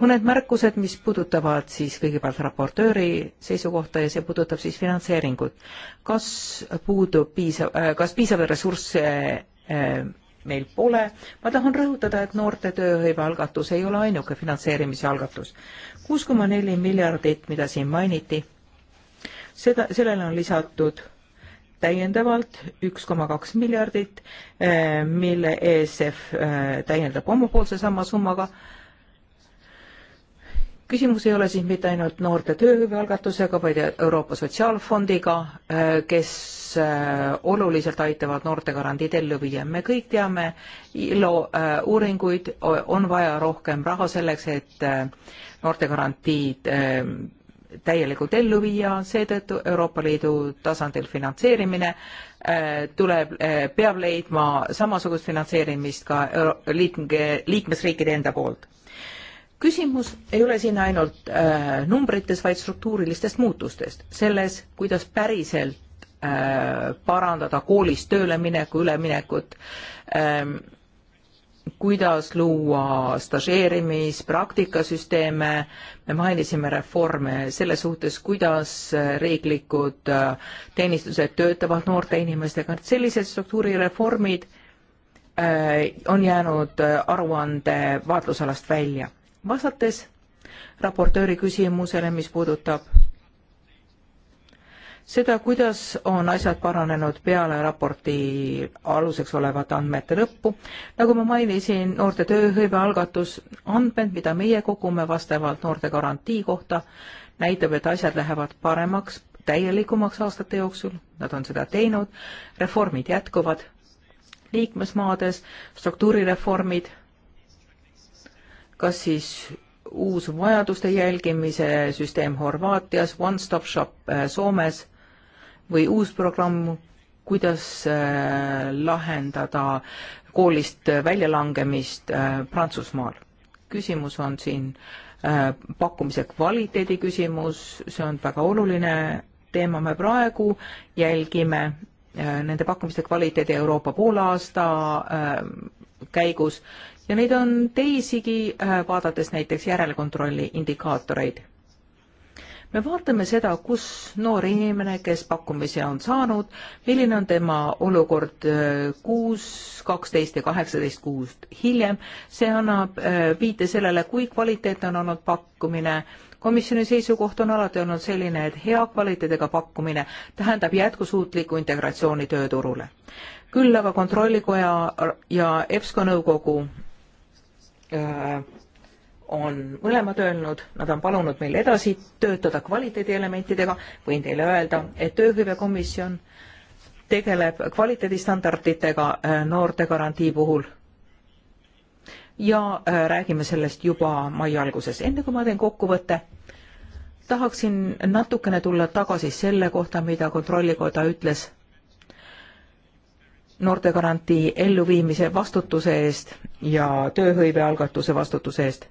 mõned märkused, mis puudutavad siis kõigepealt raportööri seisukohta ja see puudutab siis finantseeringut. kas puudub piisav, kas piisav ressurss meil pole. ma tahan rõhutada, et noorte tööhõive algatus ei ole ainuke finantseerimise algatus. kuus koma neli miljardit, mida siin mainiti, seda, sellele on lisatud täiendavalt üks koma kaks miljardit, eh, mille ESF eh, täiendab omapoolse sama summaga küsimus ei ole siin mitte ainult noorte tööhõive algatusega, vaid Euroopa Sotsiaalfondiga, äh, kes äh, oluliselt aitavad noortegarantiid ellu viia. me kõik teame ILO äh, uuringuid, on vaja rohkem raha selleks, et noortegarantiid täielikult ellu viia, seetõttu Euroopa Liidu tasandil finantseerimine tuleb, peab leidma samasugust finantseerimist ka liikmesriikide enda poolt küsimus ei ole siin ainult äh, numbrites, vaid struktuurilistest muutustest, selles, kuidas päriselt äh, parandada koolis tööle mineku üleminekut ähm,, kuidas luua stažeerimis, praktikasüsteeme, me mainisime reforme selle suhtes, kuidas äh, riiklikud äh, teenistused töötavad noorte inimestega, et sellised struktuurireformid äh, on jäänud äh, aruande vaatlusalast välja vastates raportööri küsimusele, mis puudutab seda, kuidas on asjad paranenud peale raporti aluseks olevate andmete lõppu. nagu ma mainisin, noorte tööhõive algatus, andmed, mida meie kogume vastavalt noorte garantii kohta, näitab, et asjad lähevad paremaks, täielikumaks aastate jooksul, nad on seda teinud, reformid jätkuvad liikmesmaades, struktuurireformid kas siis uus vajaduste jälgimise süsteem Horvaatias, One Stop Shop äh, Soomes või uus programm, kuidas äh, lahendada koolist äh, väljalangemist Prantsusmaal. küsimus on siin pakkumise kvaliteedi küsimus, see on väga oluline teema, me praegu jälgime nende pakkumiste kvaliteedi Euroopa poolaasta käigus ja neid on teisigi, äh, vaadates näiteks järelkontrolli indikaatoreid. me vaatame seda, kus noor inimene, kes pakkumise on saanud, milline on tema olukord äh, kuus, kaksteist ja kaheksateist kuust hiljem, see annab äh, viite sellele, kui kvaliteetne on olnud pakkumine komisjoni seisukoht on alati olnud selline, et hea kvaliteediga pakkumine tähendab jätkusuutliku integratsiooni tööturule. küll aga Kontrollikoja ja EBSCO nõukogu Äh, on mõlemad öelnud, nad on palunud meil edasi töötada kvaliteedielementidega, võin teile öelda, et tööhõivekomisjon tegeleb kvaliteedistandarditega äh, noorte garantii puhul. ja äh, räägime sellest juba mai alguses, enne kui ma teen kokkuvõtte tahaksin natukene tulla tagasi selle kohta, mida Kontrollikoda ütles noortegarantii elluviimise vastutuse eest ja tööhõivealgatuse vastutuse eest.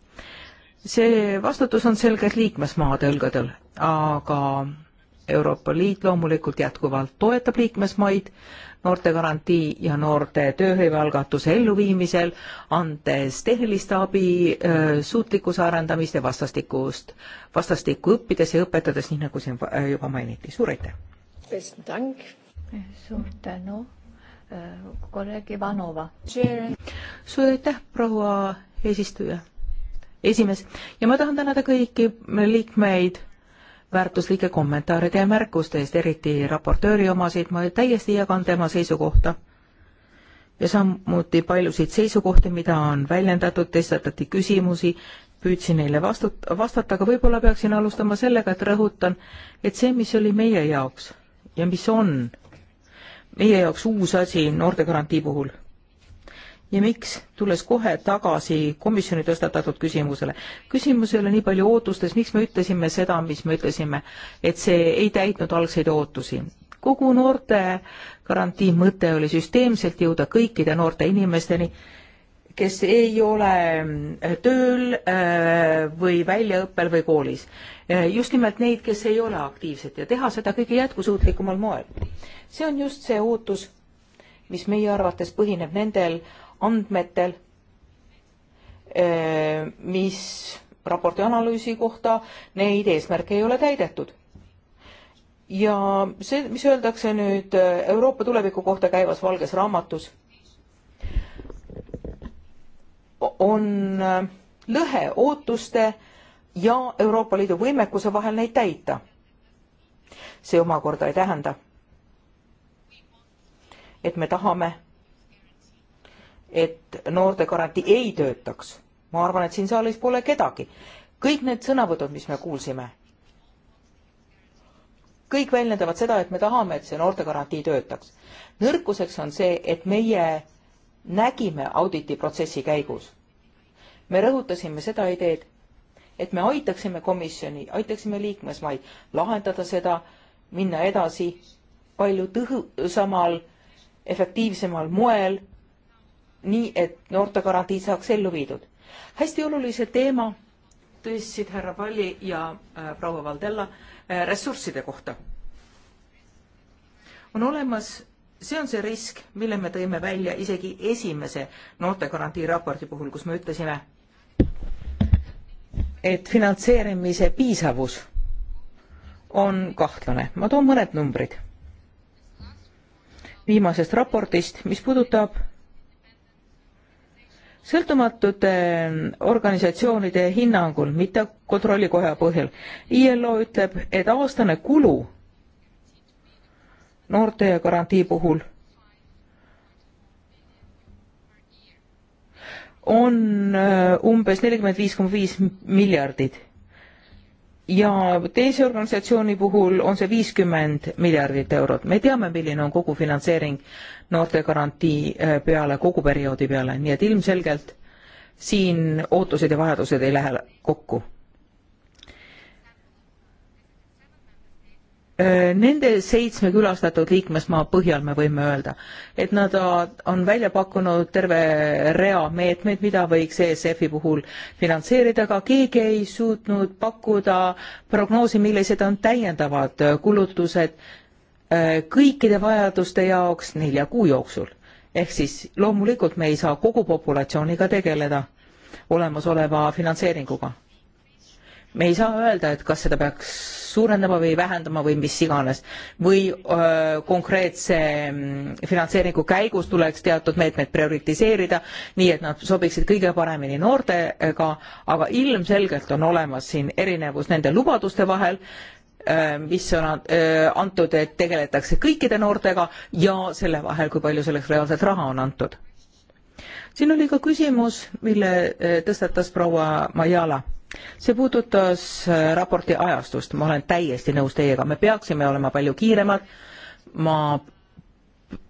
see vastutus on selgelt liikmesmaade õlgadel, aga Euroopa Liit loomulikult jätkuvalt toetab liikmesmaid noortegarantii ja noorte tööhõivealgatuse elluviimisel, andes tehnilist abi, suutlikkuse arendamist ja vastastikust, vastastikku õppides ja õpetades, nii nagu siin juba mainiti. suur aitäh! suur tänu no.! kolleeg Ivanova. suur aitäh, proua eesistuja, esimees ja ma tahan tänada kõiki liikmeid väärtuslike kommentaaride ja märkuste eest, eriti raportööri omasid, ma täiesti jagan tema seisukohta. ja samuti paljusid seisukohti, mida on väljendatud, tõstatati küsimusi, püüdsin neile vastut-, vastata, aga võib-olla peaksin alustama sellega, et rõhutan, et see, mis oli meie jaoks ja mis on meie jaoks uus asi noortegarantii puhul. ja miks, tulles kohe tagasi komisjoni tõstatatud küsimusele, küsimus ei ole nii palju ootustes, miks me ütlesime seda, mis me ütlesime, et see ei täitnud algseid ootusi. kogu noorte garantii mõte oli süsteemselt jõuda kõikide noorte inimesteni, kes ei ole äh, tööl äh, või väljaõppel või koolis. Äh, just nimelt neid, kes ei ole aktiivsed ja teha seda kõige jätkusuutlikumal moel. see on just see ootus, mis meie arvates põhineb nendel andmetel, mis raporti analüüsi kohta neid eesmärke ei ole täidetud ja see, mis öeldakse nüüd Euroopa tuleviku kohta käivas valges raamatus on äh, lõhe ootuste ja Euroopa Liidu võimekuse vahel neid täita. see omakorda ei tähenda, et me tahame, et noortegarantii ei töötaks. ma arvan, et siin saalis pole kedagi. kõik need sõnavõtud, mis me kuulsime, kõik väljendavad seda, et me tahame, et see noortegarantii töötaks. nõrkuseks on see, et meie nägime auditiprotsessi käigus. me rõhutasime seda ideed, et me aitaksime komisjoni, aitaksime liikmesmaid lahendada seda, minna edasi palju tõhusamal, efektiivsemal moel, nii et noortegarantiid saaks ellu viidud. hästi olulise teema tõstsid härra Palli ja äh, proua Valdella äh, ressursside kohta. on olemas see on see risk, mille me tõime välja isegi esimese noortegarantii raporti puhul, kus me ütlesime, et finantseerimise piisavus on kahtlane. ma toon mõned numbrid viimasest raportist, mis puudutab sõltumatute organisatsioonide hinnangul, mitte kontrollikoja põhjal. ILO ütleb, et aastane kulu noorte garantii puhul on äh, umbes nelikümmend viis koma viis miljardit ja teise organisatsiooni puhul on see viiskümmend miljardit eurot. me teame, milline on kogu finantseering noortegarantii äh, peale, kogu perioodi peale, nii et ilmselgelt siin ootused ja vajadused ei lähe kokku Äh, nende seitsme külastatud liikmesmaa põhjal me võime öelda, et nad on välja pakkunud terve rea meetmeid, mida võiks ESF-i puhul finantseerida, aga keegi ei suutnud pakkuda prognoosi, millised on täiendavad kulutused äh, kõikide vajaduste jaoks nelja kuu jooksul. ehk siis loomulikult me ei saa kogu populatsiooniga tegeleda olemasoleva finantseeringuga me ei saa öelda, et kas seda peaks suurendama või vähendama või mis iganes. või öö, konkreetse mm, finantseeringu käigus tuleks teatud meetmed prioritiseerida, nii et nad sobiksid kõige paremini noortega, aga ilmselgelt on olemas siin erinevus nende lubaduste vahel, mis on antud, et tegeletakse kõikide noortega ja selle vahel, kui palju selleks reaalselt raha on antud. siin oli ka küsimus, mille tõstatas proua Majala see puudutas äh, raporti ajastust, ma olen täiesti nõus teiega, me peaksime olema palju kiiremad, ma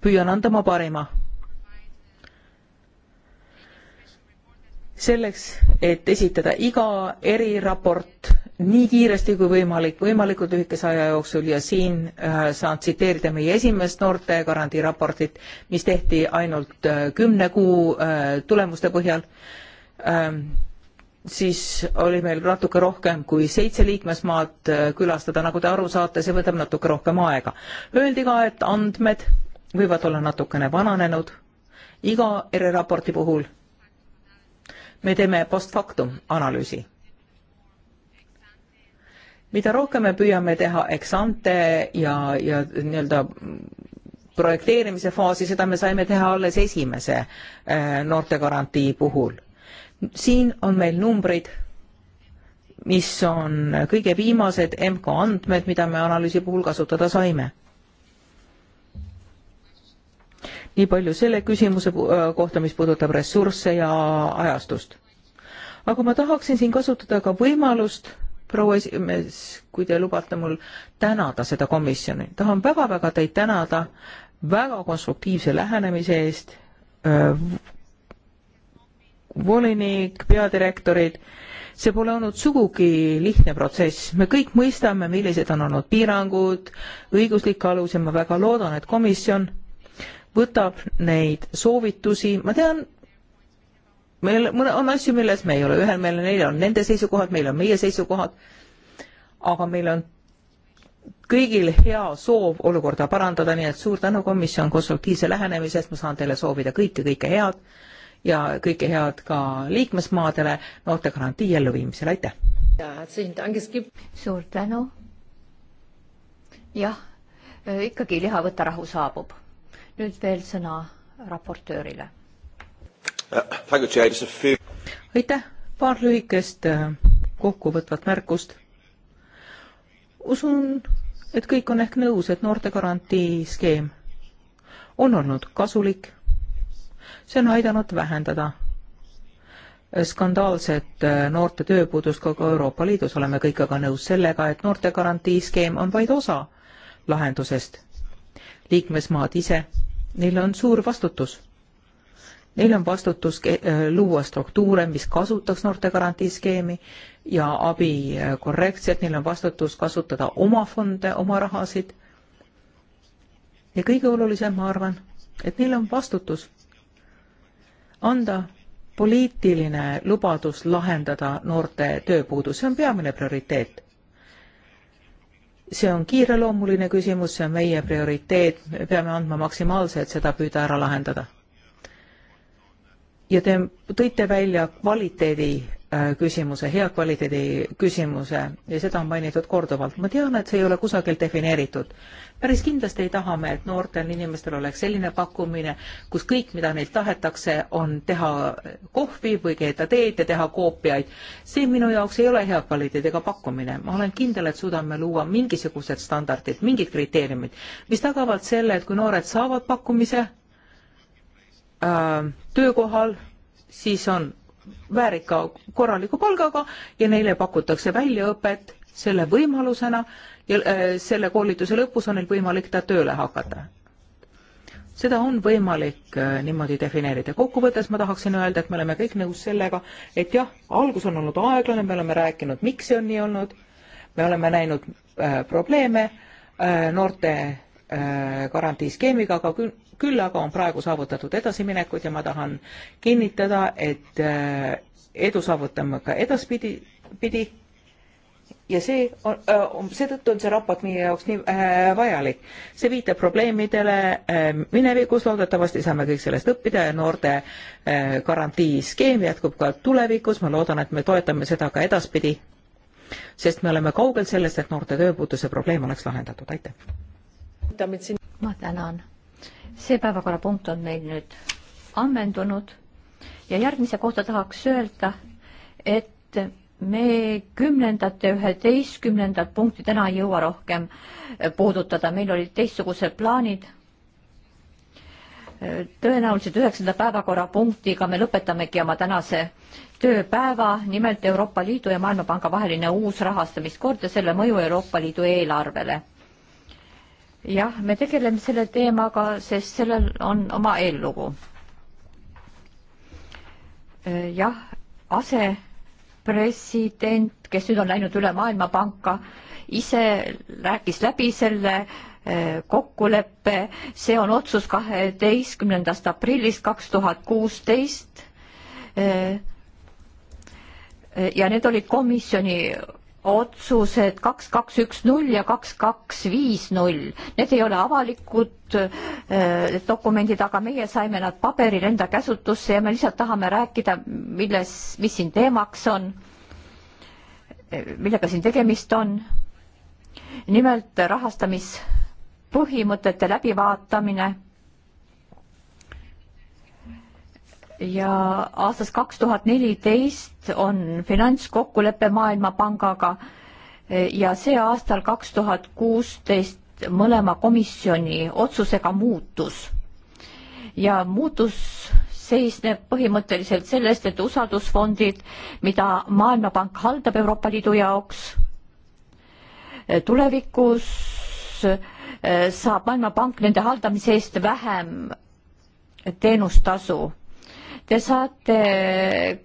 püüan anda oma parima. selleks, et esitada iga eriraport nii kiiresti kui võimalik, võimalikult lühikese aja jooksul ja siin äh, saan tsiteerida meie esimest noortegarantii raportit, mis tehti ainult äh, kümne kuu äh, tulemuste põhjal ähm, siis oli meil natuke rohkem kui seitse liikmesmaad äh, külastada, nagu te aru saate, see võtab natuke rohkem aega. Öeldi ka, et andmed võivad olla natukene vananenud iga eriraporti puhul. me teeme post factum analüüsi. mida rohkem me püüame teha ex ante ja, ja nii-öelda projekteerimise faasi, seda me saime teha alles esimese äh, noortegarantii puhul siin on meil numbrid, mis on kõige viimased MK andmed, mida me analüüsi puhul kasutada saime. nii palju selle küsimuse äh, kohta, mis puudutab ressursse ja ajastust. aga ma tahaksin siin kasutada ka võimalust, proua esimees, kui te lubate mul tänada seda komisjoni, tahan väga-väga teid tänada väga konstruktiivse lähenemise eest äh, volinik, peadirektorid. see pole olnud sugugi lihtne protsess, me kõik mõistame, millised on olnud piirangud, õiguslik alus ja ma väga loodan, et komisjon võtab neid soovitusi, ma tean, meil mõne, on asju, milles me ei ole ühel meelel, neil on nende seisukohad, meil on meie seisukohad, aga meil on kõigil hea soov olukorda parandada, nii et suur tänu, komisjon, konstruktiivse lähenemise eest, ma saan teile soovida kõike, kõike head ja kõike head ka liikmesmaadele noortegarantii elluviimisel, aitäh! suur tänu! jah, ikkagi liha võtta rahu saabub. nüüd veel sõna raportöörile. aitäh, paar lühikest äh, kokkuvõtvat märkust. usun, et kõik on ehk nõus, et noortegarantii skeem on olnud kasulik see on aidanud vähendada skandaalset äh, noorte tööpuudust kogu Euroopa Liidus, oleme kõik aga nõus sellega, et noorte garantiiskeem on vaid osa lahendusest. liikmesmaad ise, neil on suur vastutus. Neil on vastutus äh, luua struktuure, mis kasutaks noorte garantiiskeemi ja abi äh, korrektselt, neil on vastutus kasutada oma fonde, oma rahasid. ja kõige olulisem, ma arvan, et neil on vastutus anda poliitiline lubadus lahendada noorte tööpuudus, see on peamine prioriteet. see on kiireloomuline küsimus, see on meie prioriteet, me peame andma maksimaalse, et seda püüda ära lahendada. ja te tõite välja kvaliteedi Äh, küsimuse, hea kvaliteedi küsimuse ja seda on mainitud korduvalt. ma tean, et see ei ole kusagil defineeritud. päris kindlasti ei taha me, et noortel inimestel oleks selline pakkumine, kus kõik, mida neilt tahetakse, on teha kohvi või keeta teed ja teha koopiaid. see minu jaoks ei ole hea kvaliteediga pakkumine. ma olen kindel, et suudame luua mingisugused standardid, mingid kriteeriumid, mis tagavad selle, et kui noored saavad pakkumise äh, töökohal, siis on väärika korraliku palgaga ja neile pakutakse väljaõpet selle võimalusena ja äh, selle koolituse lõpus on neil võimalik ta tööle hakata. seda on võimalik äh, niimoodi defineerida. kokkuvõttes ma tahaksin öelda, et me oleme kõik nõus sellega, et jah, algus on olnud aeglane, me oleme rääkinud, miks see on nii olnud, me oleme näinud äh, probleeme äh, noorte äh, garantiiskeemiga, aga küll küll aga on praegu saavutatud edasiminekut ja ma tahan kinnitada, et äh, edu saavutame ka edaspidi, pidi. ja see äh, on, seetõttu on see raport meie jaoks nii äh, vajalik. see viitab probleemidele äh, minevikus, loodetavasti saame kõik sellest õppida ja noorte äh, garantiiskeem jätkub ka tulevikus, ma loodan, et me toetame seda ka edaspidi, sest me oleme kaugel sellest, et noorte tööpuuduse probleem oleks lahendatud, aitäh! ma tänan see päevakorrapunkt on meil nüüd ammendunud ja järgmise kohta tahaks öelda, et me kümnendat ja üheteistkümnendat punkti täna ei jõua rohkem puudutada, meil olid teistsugused plaanid. tõenäoliselt üheksanda päevakorrapunktiga me lõpetamegi oma tänase tööpäeva, nimelt Euroopa Liidu ja Maailmapanga vaheline uus rahastamiskord ja selle mõju Euroopa Liidu eelarvele jah, me tegeleme selle teemaga, sest sellel on oma eellugu. Äh, jah, asepresident, kes nüüd on läinud üle Maailmapanka, ise rääkis läbi selle äh, kokkuleppe, see on otsus kaheteistkümnendast aprillist kaks tuhat kuusteist. Äh, ja need olid komisjoni otsused kaks, kaks, üks, null ja kaks, kaks, viis, null. Need ei ole avalikud eh, dokumendid, aga meie saime nad paberil enda käsutusse ja me lihtsalt tahame rääkida, milles, mis siin teemaks on, eh, millega siin tegemist on. nimelt rahastamispõhimõtete läbivaatamine ja aastast kaks tuhat neliteist on finantskokkulepe Maailmapangaga e, ja see aastal kaks tuhat kuusteist mõlema komisjoni otsusega muutus. ja muutus seisneb põhimõtteliselt sellest, et usaldusfondid, mida Maailmapank haldab Euroopa Liidu jaoks, e, tulevikus e, saab Maailmapank nende haldamise eest vähem teenustasu Te saate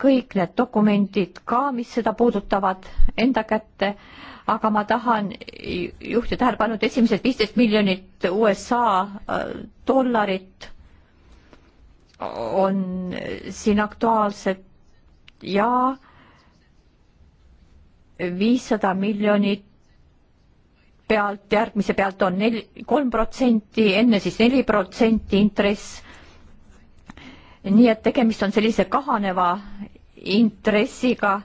kõik need dokumendid ka, mis seda puudutavad, enda kätte, aga ma tahan juhtida tähelepanu, et esimesed viisteist miljonit USA äh, dollarit on siin aktuaalsed ja viissada miljonit pealt, järgmise pealt on neli, kolm protsenti, enne siis neli protsenti intress nii et tegemist on sellise kahaneva intressiga,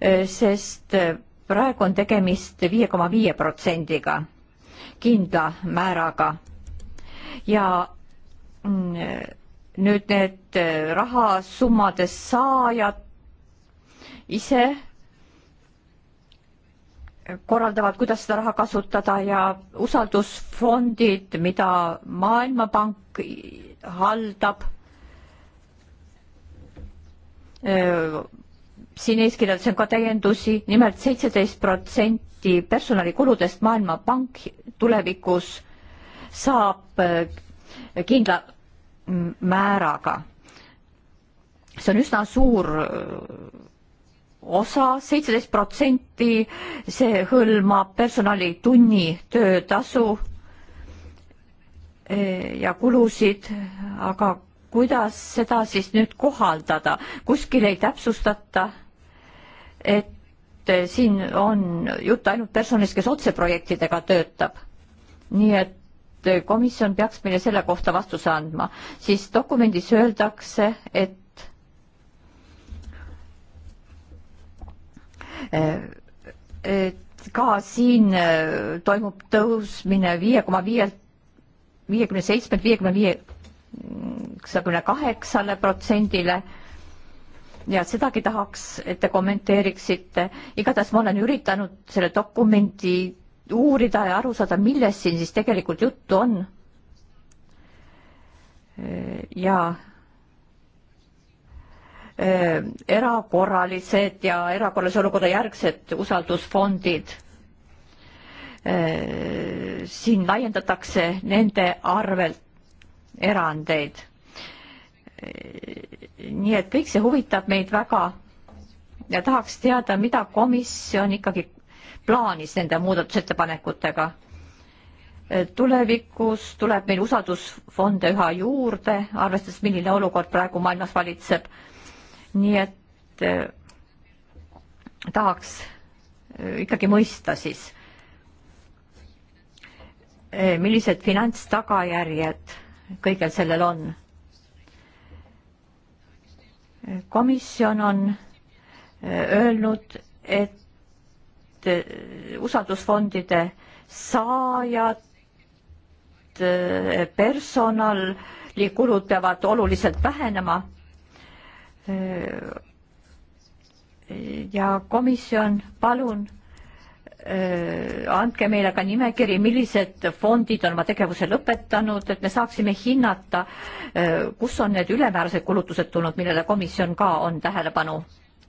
eh, sest eh, praegu on tegemist viie koma viie protsendiga, kindla määraga. ja mm, eh, nüüd need rahasummade saajad ise korraldavad, kuidas seda raha kasutada ja usaldusfondid, mida Maailmapank haldab. siin eeskirjades on ka täiendusi nimelt, nimelt seitseteist protsenti personalikuludest Maailmapank tulevikus saab kindla määraga. see on üsna suur osa, seitseteist protsenti, see hõlmab personali tunni töötasu Eh, ja kulusid, aga kuidas seda siis nüüd kohaldada, kuskil ei täpsustata, et eh, siin on jutt ainult personalist, kes otse projektidega töötab. nii et eh, komisjon peaks meile selle kohta vastuse andma, siis dokumendis öeldakse, et et ka siin toimub tõusmine viie koma viielt viiekümne seitsmelt viiekümne viieksakümne kaheksale protsendile. ja sedagi tahaks, et te kommenteeriksite. igatahes ma olen üritanud selle dokumendi uurida ja aru saada, millest siin siis tegelikult juttu on. ja e, erakorralised ja erakorralise olukorra järgsed usaldusfondid Äh, siin laiendatakse nende arvelt erandeid. Äh, nii et kõik see huvitab meid väga ja tahaks teada, mida komisjon ikkagi plaanis nende muudatusettepanekutega. Äh, tulevikus tuleb meil usaldusfonde üha juurde, arvestades, milline olukord praegu maailmas valitseb. nii et tahaks ikkagi mõista siis Eh, millised finantstagajärjed kõigel sellel on. komisjon on eh, öelnud, et eh, usaldusfondide saajad, personali kulud peavad oluliselt vähenema. ja komisjon, palun Äh, andke meile ka nimekiri, millised fondid on oma tegevuse lõpetanud, et me saaksime hinnata, äh, kus on need ülemäärased kulutused tulnud, millele komisjon ka on tähelepanu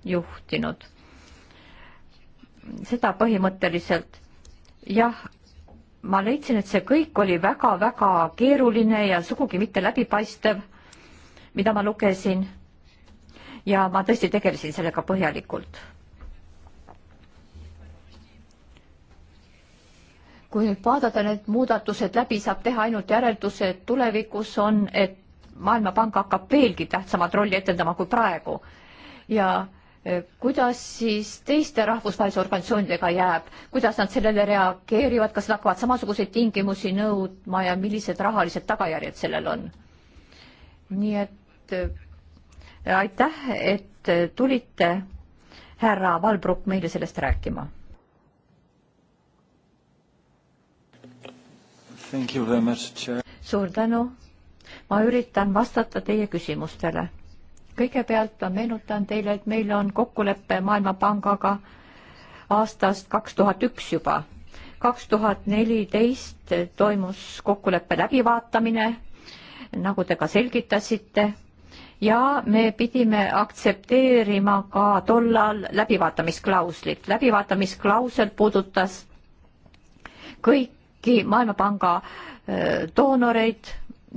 juhtinud. seda põhimõtteliselt jah, ma leidsin, et see kõik oli väga-väga keeruline ja sugugi mitte läbipaistev, mida ma lugesin. ja ma tõesti tegelesin sellega põhjalikult kui nüüd vaadata need muudatused läbi, saab teha ainult järelduse, et tulevikus on, et Maailmapank hakkab veelgi tähtsamat rolli etendama kui praegu. ja e, kuidas siis teiste rahvusvahelise organisatsioonidega jääb, kuidas nad sellele reageerivad, kas nad hakkavad samasuguseid tingimusi nõudma ja millised rahalised tagajärjed sellel on? nii et e, aitäh, et e, tulite, härra Valbruk, meile sellest rääkima suur tänu. ma üritan vastata teie küsimustele. kõigepealt ma meenutan teile, et meil on kokkulepe Maailmapangaga aastast kaks tuhat üks juba. kaks tuhat neliteist toimus kokkuleppe läbivaatamine, nagu te ka selgitasite, ja me pidime aktsepteerima ka tollal läbivaatamisklauslit. läbivaatamisklausel puudutas kõik kõiki Maailmapanga äh, doonoreid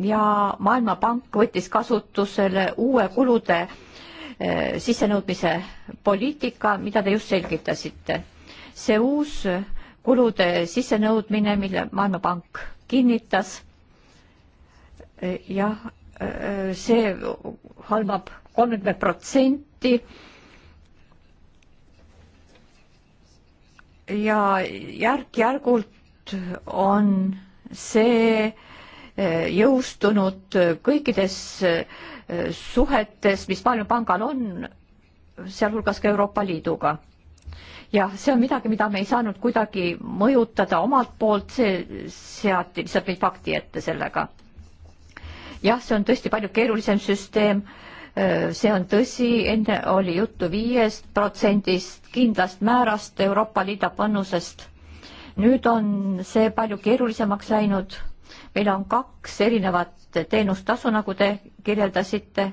ja Maailmapank võttis kasutusele uue kulude äh, sissenõudmise poliitika, mida te just selgitasite. see uus kulude sissenõudmine, mille Maailmapank kinnitas, äh, jah, see halvab kolmkümmend protsenti ja järk-järgult nüüd on see eh, jõustunud kõikides eh, suhetes, mis Maailmapangal on, sealhulgas ka Euroopa Liiduga. jah, see on midagi, mida me ei saanud kuidagi mõjutada omalt poolt, see seati lihtsalt meid fakti ette sellega. jah, see on tõesti palju keerulisem süsteem, eh, see on tõsi, enne oli juttu viiest protsendist kindlast määrast Euroopa Liidu panusest nüüd on see palju keerulisemaks läinud. meil on kaks erinevat teenustasu, nagu te kirjeldasite.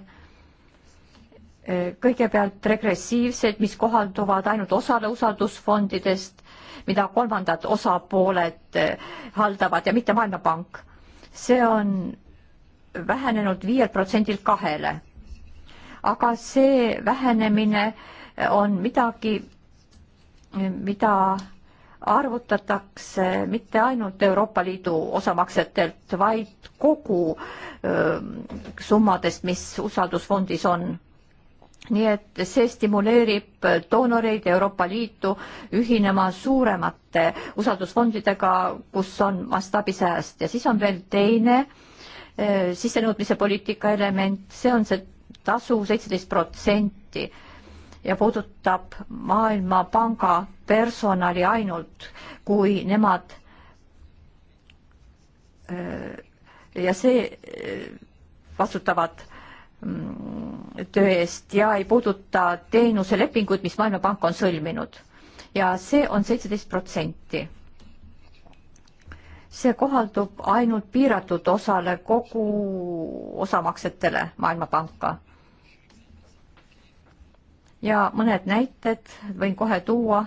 kõigepealt regressiivsed, mis kohalduvad ainult osale usaldusfondidest, mida kolmandad osapooled haldavad ja mitte Maailmapank. see on vähenenud viielt protsendilt kahele. aga see vähenemine on midagi, mida arvutatakse mitte ainult Euroopa Liidu osamaksetelt, vaid kogu öö, summadest, mis usaldusfondis on. nii et see stimuleerib doonoreid Euroopa Liitu ühinema suuremate usaldusfondidega, kus on mastaabisääst ja siis on veel teine sissenõudmise poliitika element, see on see tasu seitseteist protsenti ja puudutab Maailmapanga personali ainult, kui nemad äh, ja see äh, vastutavad mm, töö eest ja ei puuduta teenuselepinguid, mis Maailmapank on sõlminud ja see on seitseteist protsenti. see kohaldub ainult piiratud osale kogu osamaksetele Maailmapanka ja mõned näited võin kohe tuua.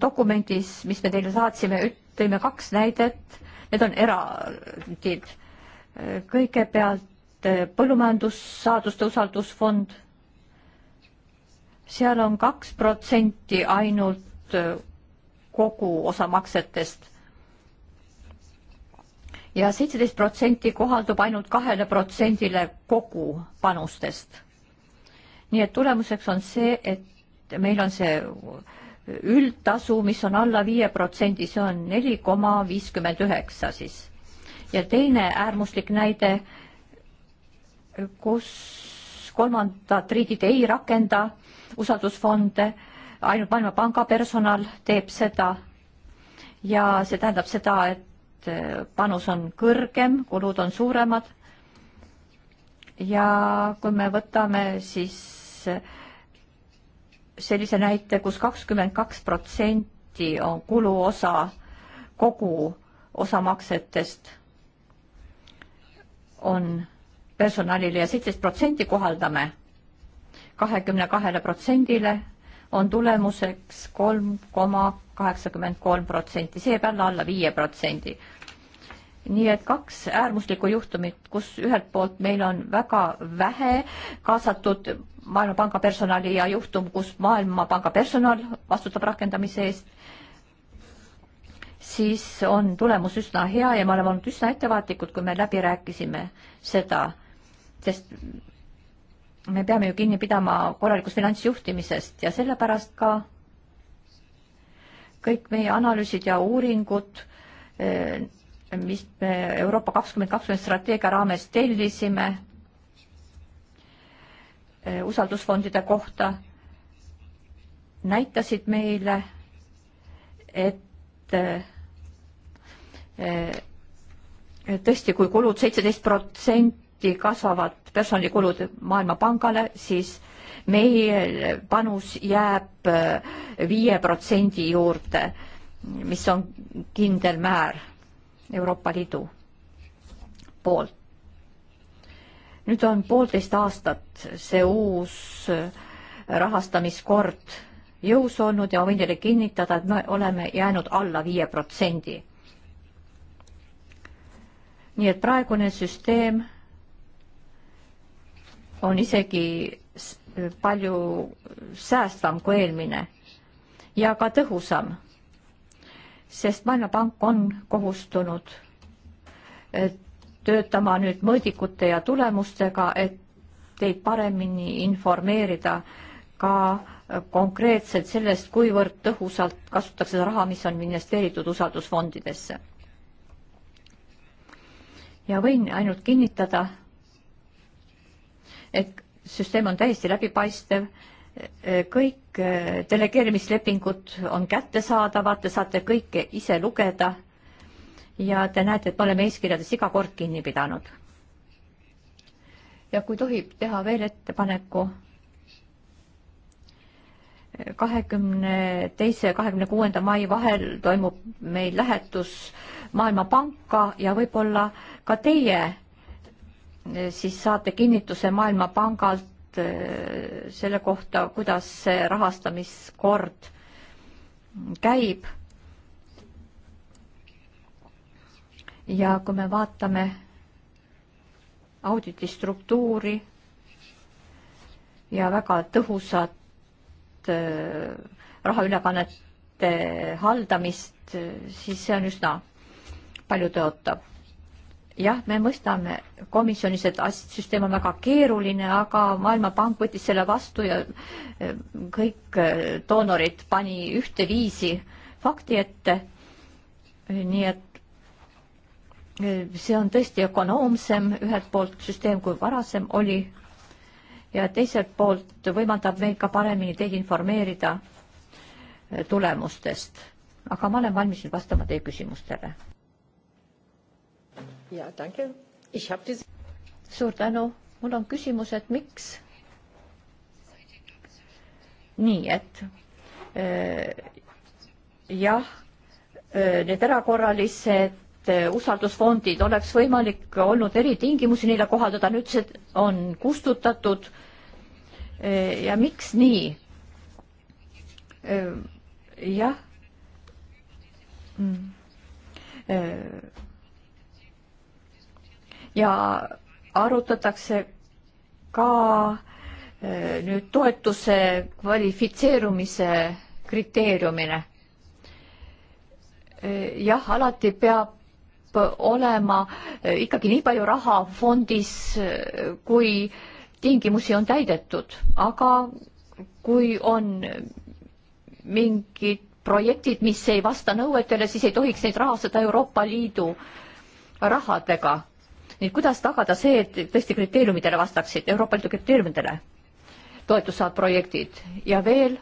dokumendis, mis me teile saatsime, tõime kaks näidet, need on erandid. kõigepealt eh, põllumajandussaaduste usaldusfond. seal on kaks protsenti ainult eh, kogu osamaksetest ja seitseteist protsenti kohaldub ainult kahele protsendile kogu panustest. nii et tulemuseks on see, et meil on see üldtasu, mis on alla viie protsendi, see on neli koma viiskümmend üheksa siis. ja teine äärmuslik näide, kus kolmandad riigid ei rakenda usaldusfonde, ainult Maailmapanga personal teeb seda. ja see tähendab seda, et et eh, panus on kõrgem, kulud on suuremad. ja kui me võtame siis eh, sellise näite kus, kus kakskümmend kaks protsenti on kuluosa kogu osamaksetest on personalile ja seitseteist protsenti kohaldame kahekümne kahele protsendile on tulemuseks kolm koma kaheksakümmend kolm protsenti, see jääb jälle alla viie protsendi nii et kaks äärmuslikku juhtumit, kus ühelt poolt meil on väga vähe kaasatud Maailmapanga personali ja juhtum, kus Maailmapanga personal vastutab rakendamise eest, siis on tulemus üsna hea ja me oleme olnud üsna ettevaatlikud, kui me läbi rääkisime seda, sest me peame ju kinni pidama korralikust finantsjuhtimisest ja sellepärast ka kõik meie analüüsid ja uuringud eh, mis me Euroopa kakskümmend kakskümmend strateegia raames tellisime eh, usaldusfondide kohta, näitasid meile, et eh, eh, tõesti, kui kulud seitseteist protsenti kasvavad personalikulud Maailmapangale, siis meie panus jääb viie protsendi juurde, mis on kindel määr Euroopa Liidu poolt. nüüd on poolteist aastat see uus äh, rahastamiskord jõus olnud ja ma võin teile kinnitada, et me oleme jäänud alla viie protsendi. nii et praegune süsteem on isegi palju säästvam kui eelmine ja ka tõhusam sest Maailmapank on kohustunud töötama nüüd mõõdikute ja tulemustega, et teid paremini informeerida ka konkreetselt sellest, kuivõrd tõhusalt kasutatakse seda raha, mis on investeeritud usaldusfondidesse. ja võin ainult kinnitada, et süsteem on täiesti läbipaistev kõik äh, delegeerimislepingud on kättesaadavad, te saate kõike ise lugeda ja te näete, et me oleme eeskirjades iga kord kinni pidanud. ja kui tohib teha veel ettepaneku kahekümne teise ja kahekümne kuuenda mai vahel toimub meil lähetus Maailmapanka ja võib-olla ka teie siis saate kinnituse Maailmapangalt Eh, selle kohta, kuidas see rahastamiskord käib. ja kui me vaatame auditi struktuuri ja väga tõhusat eh, rahaülekannete haldamist, eh, siis see on üsna paljutõotav jah, me mõistame komisjonis, et süsteem on väga keeruline, aga Maailmapank võttis selle vastu ja eh, kõik eh, doonorid pani ühteviisi fakti ette. Eh, nii et see on tõesti ökonoomsem ühelt poolt süsteem, kui varasem oli ja teiselt poolt võimaldab meil ka paremini teid informeerida tulemustest. aga ma olen valmis nüüd vastama teie küsimustele ja danke. Ich habe diese. suur tänu, mul on küsimus, et miks? nii et äh, jah äh,, need erakorralised äh, usaldusfondid oleks võimalik olnud eritingimusi neile kohaldada, nüüd see on kustutatud. Äh, ja miks nii? Äh, jah. Mm ja arutatakse ka äh, nüüd toetuse kvalifitseerumise kriteeriumine. Äh, jah, alati peab olema äh, ikkagi nii palju raha fondis, kui tingimusi on täidetud, aga kui on mingid projektid, mis ei vasta nõuetele, siis ei tohiks neid rahastada Euroopa Liidu rahadega nii kuidas tagada see, et tõesti kriteeriumidele vastaksid, Euroopa Liidu kriteeriumidele toetust saavad projektid ja veel,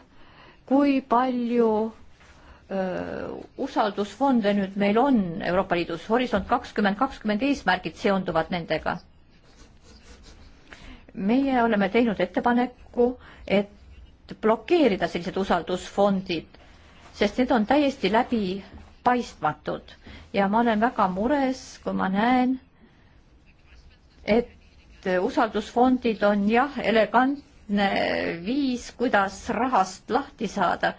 kui palju öö, usaldusfonde nüüd meil on Euroopa Liidus, Horisont kakskümmend kakskümmend eesmärgid seonduvad nendega? meie oleme teinud ettepaneku, et blokeerida sellised usaldusfondid, sest need on täiesti läbipaistmatud ja ma olen väga mures, kui ma näen, et usaldusfondid on jah, elegantne viis, kuidas rahast lahti saada.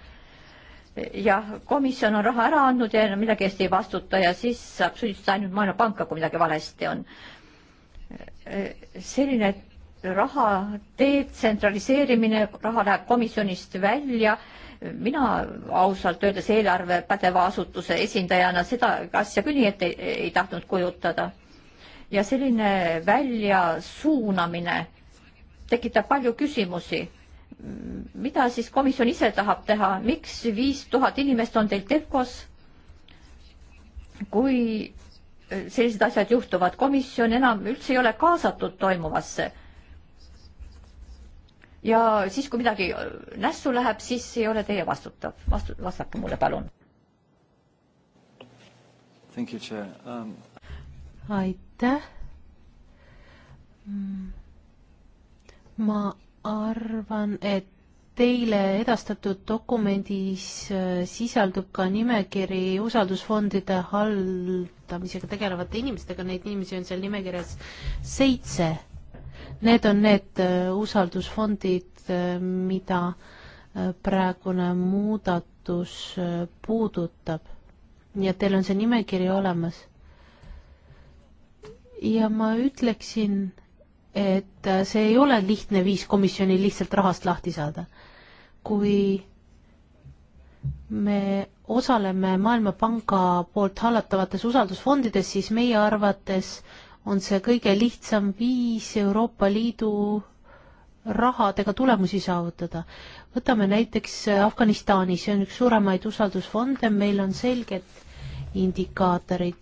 jah, komisjon on raha ära andnud ja millegi eest ei vastuta ja siis saab süüdistada ainult Maailmapanka, kui midagi valesti on. selline raha detsentraliseerimine, raha läheb komisjonist välja mina ausalt öeldes eelarve pädeva asutuse esindajana seda asja küll nii ette ei, ei tahtnud kujutada ja selline väljasuunamine tekitab palju küsimusi. mida siis komisjon ise tahab teha, miks viis tuhat inimest on teil TEFCOs, kui sellised asjad juhtuvad, komisjon enam üldse ei ole kaasatud toimuvasse ja siis, kui midagi nässu läheb, siis ei ole teie vastutav. vastu, vastake mulle, palun. Um aitäh. Mm. ma arvan, et teile edastatud dokumendis äh, sisaldub ka nimekiri usaldusfondide haldamisega tegelevate inimestega, neid inimesi on seal nimekirjas seitse. Need on need äh, usaldusfondid, äh, mida praegune muudatus puudutab. nii et teil on see nimekiri olemas ja ma ütleksin, et see ei ole lihtne viis komisjonil lihtsalt rahast lahti saada. kui me osaleme Maailmapanga poolt hallatavates usaldusfondides, siis meie arvates on see kõige lihtsam viis Euroopa Liidu rahadega tulemusi saavutada. võtame näiteks Afganistani, see on üks suuremaid usaldusfonde, meil on selged indikaatorid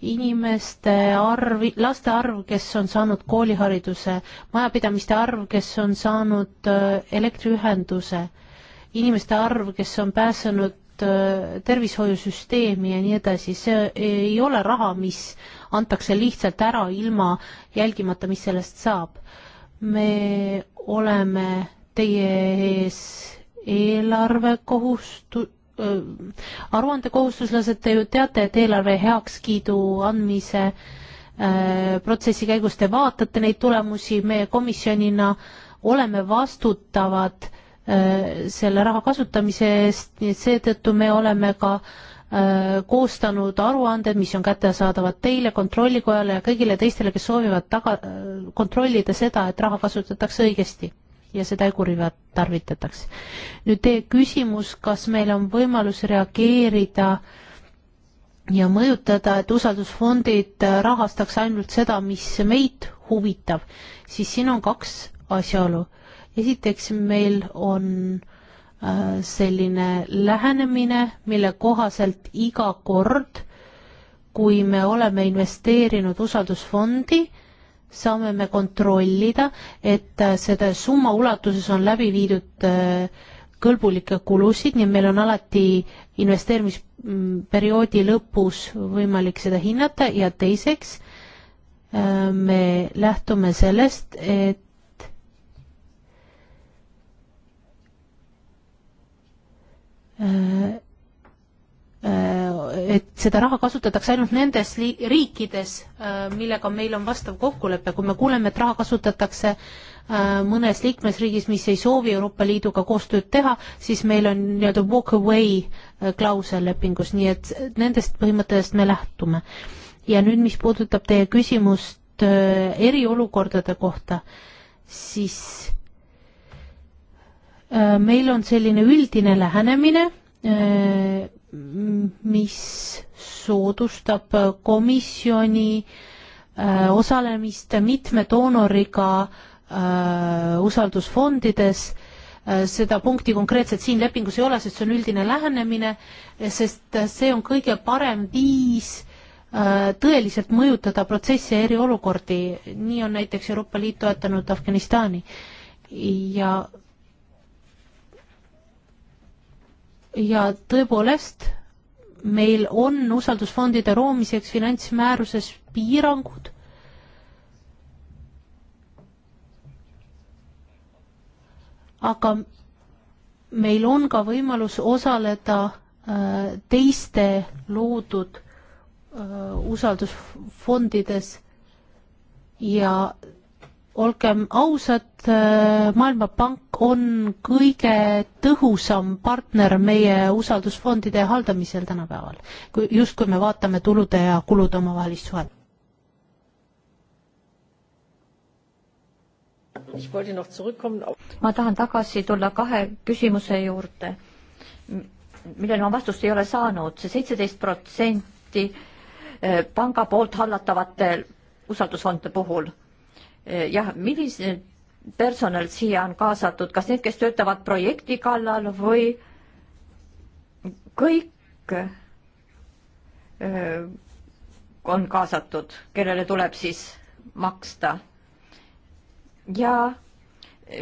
inimeste arv, laste arv, kes on saanud koolihariduse, majapidamiste arv, kes on saanud äh, elektriühenduse, inimeste arv, kes on pääsenud äh, tervishoiusüsteemi ja nii edasi, see ei ole raha, mis antakse lihtsalt ära ilma jälgimata, mis sellest saab. me oleme teie ees eelarvekohustu-, Äh, aruandekohustuslased, te ju teate, et eelarve heakskiidu andmise äh, protsessi käigus te vaatate neid tulemusi, me komisjonina oleme vastutavad äh, selle raha kasutamise eest, nii et seetõttu me oleme ka koostanud aruanded, mis on kättesaadavad teile, kontrollikojale ja kõigile teistele, kes soovivad taga, kontrollida seda, et raha kasutatakse õigesti ja seda ei kuritarvitataks. nüüd teie küsimus, kas meil on võimalus reageerida ja mõjutada, et usaldusfondid rahastaks ainult seda, mis meid huvitab, siis siin on kaks asjaolu. esiteks, meil on äh, selline lähenemine, mille kohaselt iga kord, kui me oleme investeerinud usaldusfondi, saame me kontrollida, et äh, selle summa ulatuses on läbi viidud äh, kõlbulikke kulusid, nii et meil on alati investeerimisperioodi lõpus võimalik seda hinnata ja teiseks äh, me lähtume sellest, et Äh, et seda raha kasutatakse ainult nendes riikides, äh, millega meil on vastav kokkulepe, kui me kuuleme, et raha kasutatakse äh, mõnes liikmesriigis, mis ei soovi Euroopa Liiduga koostööd teha, siis meil on nii-öelda walk away klausel lepingus, nii et nendest põhimõttest me lähtume. ja nüüd, mis puudutab teie küsimust eriolukordade kohta, siis meil on selline üldine lähenemine, mis soodustab komisjoni äh, osalemist mitme doonoriga äh, usaldusfondides äh,. seda punkti konkreetselt siin lepingus ei ole, sest see on üldine lähenemine, sest see on kõige parem viis äh, tõeliselt mõjutada protsessi ja eriolukordi, nii on näiteks Euroopa Liit toetanud Afganistani. ja ja tõepoolest, meil on usaldusfondide roomiseks finantsmääruses piirangud aga meil on ka võimalus osaleda äh, teiste loodud äh, usaldusfondides ja olgem ausad, äh, Maailmapank on kõige tõhusam partner meie usaldusfondide haldamisel tänapäeval, kui just, kui me vaatame tulude ja kulude omavahelist suhet. ma tahan tagasi tulla kahe küsimuse juurde, millele ma vastust ei ole saanud see, see seitseteist protsenti äh, panga poolt hallatavate usaldusfondide puhul Eh, jah, milline personal siia on kaasatud, kas need, kes töötavad projekti kallal või kõik öö, eh, on kaasatud, kellele tuleb siis maksta. ja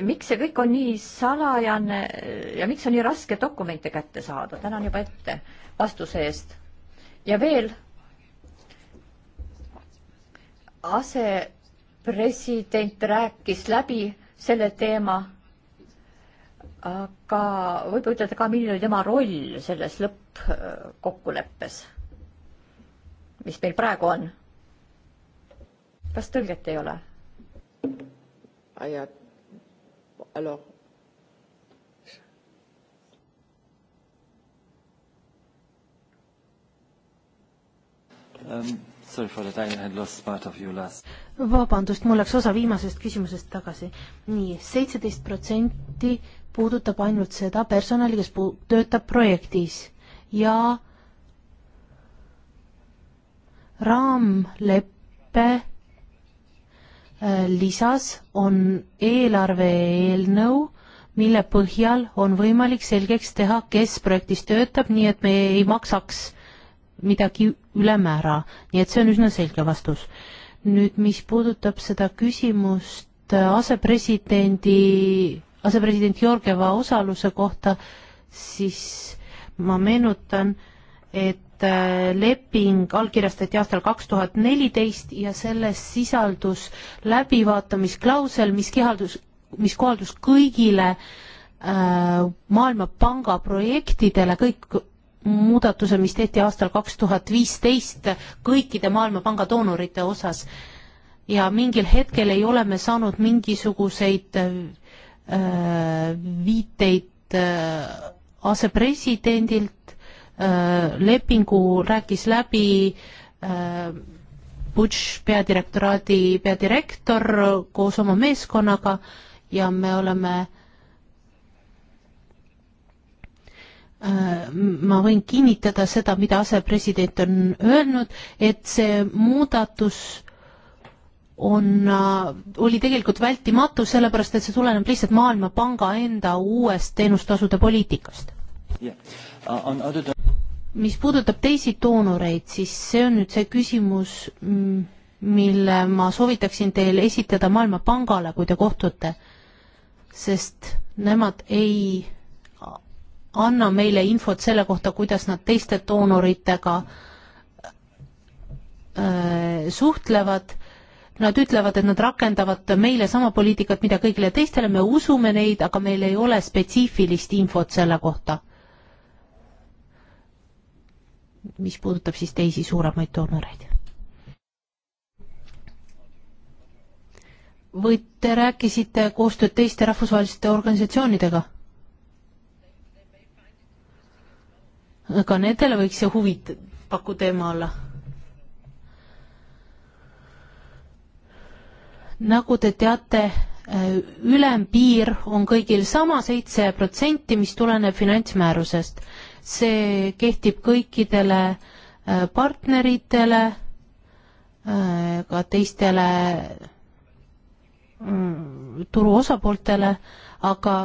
miks see kõik on nii salajane eh, ja miks on nii raske dokumente kätte saada, tänan juba ette vastuse eest. ja veel ase president rääkis läbi selle teema, aga võib ütelda ka, milline oli tema roll selles lõppkokkuleppes, mis meil praegu on. kas tõlget ei ole? alors Um, ähm, Sorry for that, I had lost part of you last. vabandust, mul läks osa viimasest küsimusest tagasi. nii, seitseteist protsenti puudutab ainult seda personali, kes puu-, töötab projektis ja raamleppe äh, lisas on eelarve eelnõu, mille põhjal on võimalik selgeks teha, kes projektis töötab, nii et me ei maksaks midagi ülemäära, nii et see on üsna selge vastus. nüüd, mis puudutab seda küsimust äh, asepresidendi, asepresident Georgieva osaluse kohta, siis ma meenutan, et äh, leping allkirjastati aastal kaks tuhat neliteist ja selles sisaldus läbivaatamisklausel, mis kihaldus, mis kohaldus kõigile äh, Maailmapanga projektidele, kõik muudatuse, mis tehti aastal kaks tuhat viisteist kõikide Maailmapanga doonorite osas. ja mingil hetkel ei ole me saanud mingisuguseid äh, viiteid äh, asepresidendilt äh,, lepingu rääkis läbi äh, Butch peadirektoraadi peadirektor koos oma meeskonnaga ja me oleme äh, Äh, ma võin kinnitada seda, mida asepresident on öelnud, et see muudatus on, äh, oli tegelikult vältimatu, sellepärast et see tuleneb lihtsalt Maailmapanga enda uuest teenustasude poliitikast yeah.. Uh, mis puudutab teisi doonoreid, siis see on nüüd see küsimus, mm, mille ma soovitaksin teil esitada Maailmapangale, kui te kohtute, sest nemad ei anna meile infot selle kohta, kuidas nad teiste doonoritega äh, suhtlevad. Nad ütlevad, et nad rakendavad meile sama poliitikat, mida kõigile teistele, me usume neid, aga meil ei ole spetsiifilist infot selle kohta. mis puudutab siis teisi suuremaid doonoreid või te rääkisite koostööd teiste rahvusvaheliste organisatsioonidega? ka nendele võiks see huvi pakkuda ema alla. nagu te teate, äh, ülempiir on kõigil sama, seitse protsenti, mis tuleneb finantsmäärusest. see kehtib kõikidele äh, partneritele, äh, ka teistele mm, turu osapooltele, aga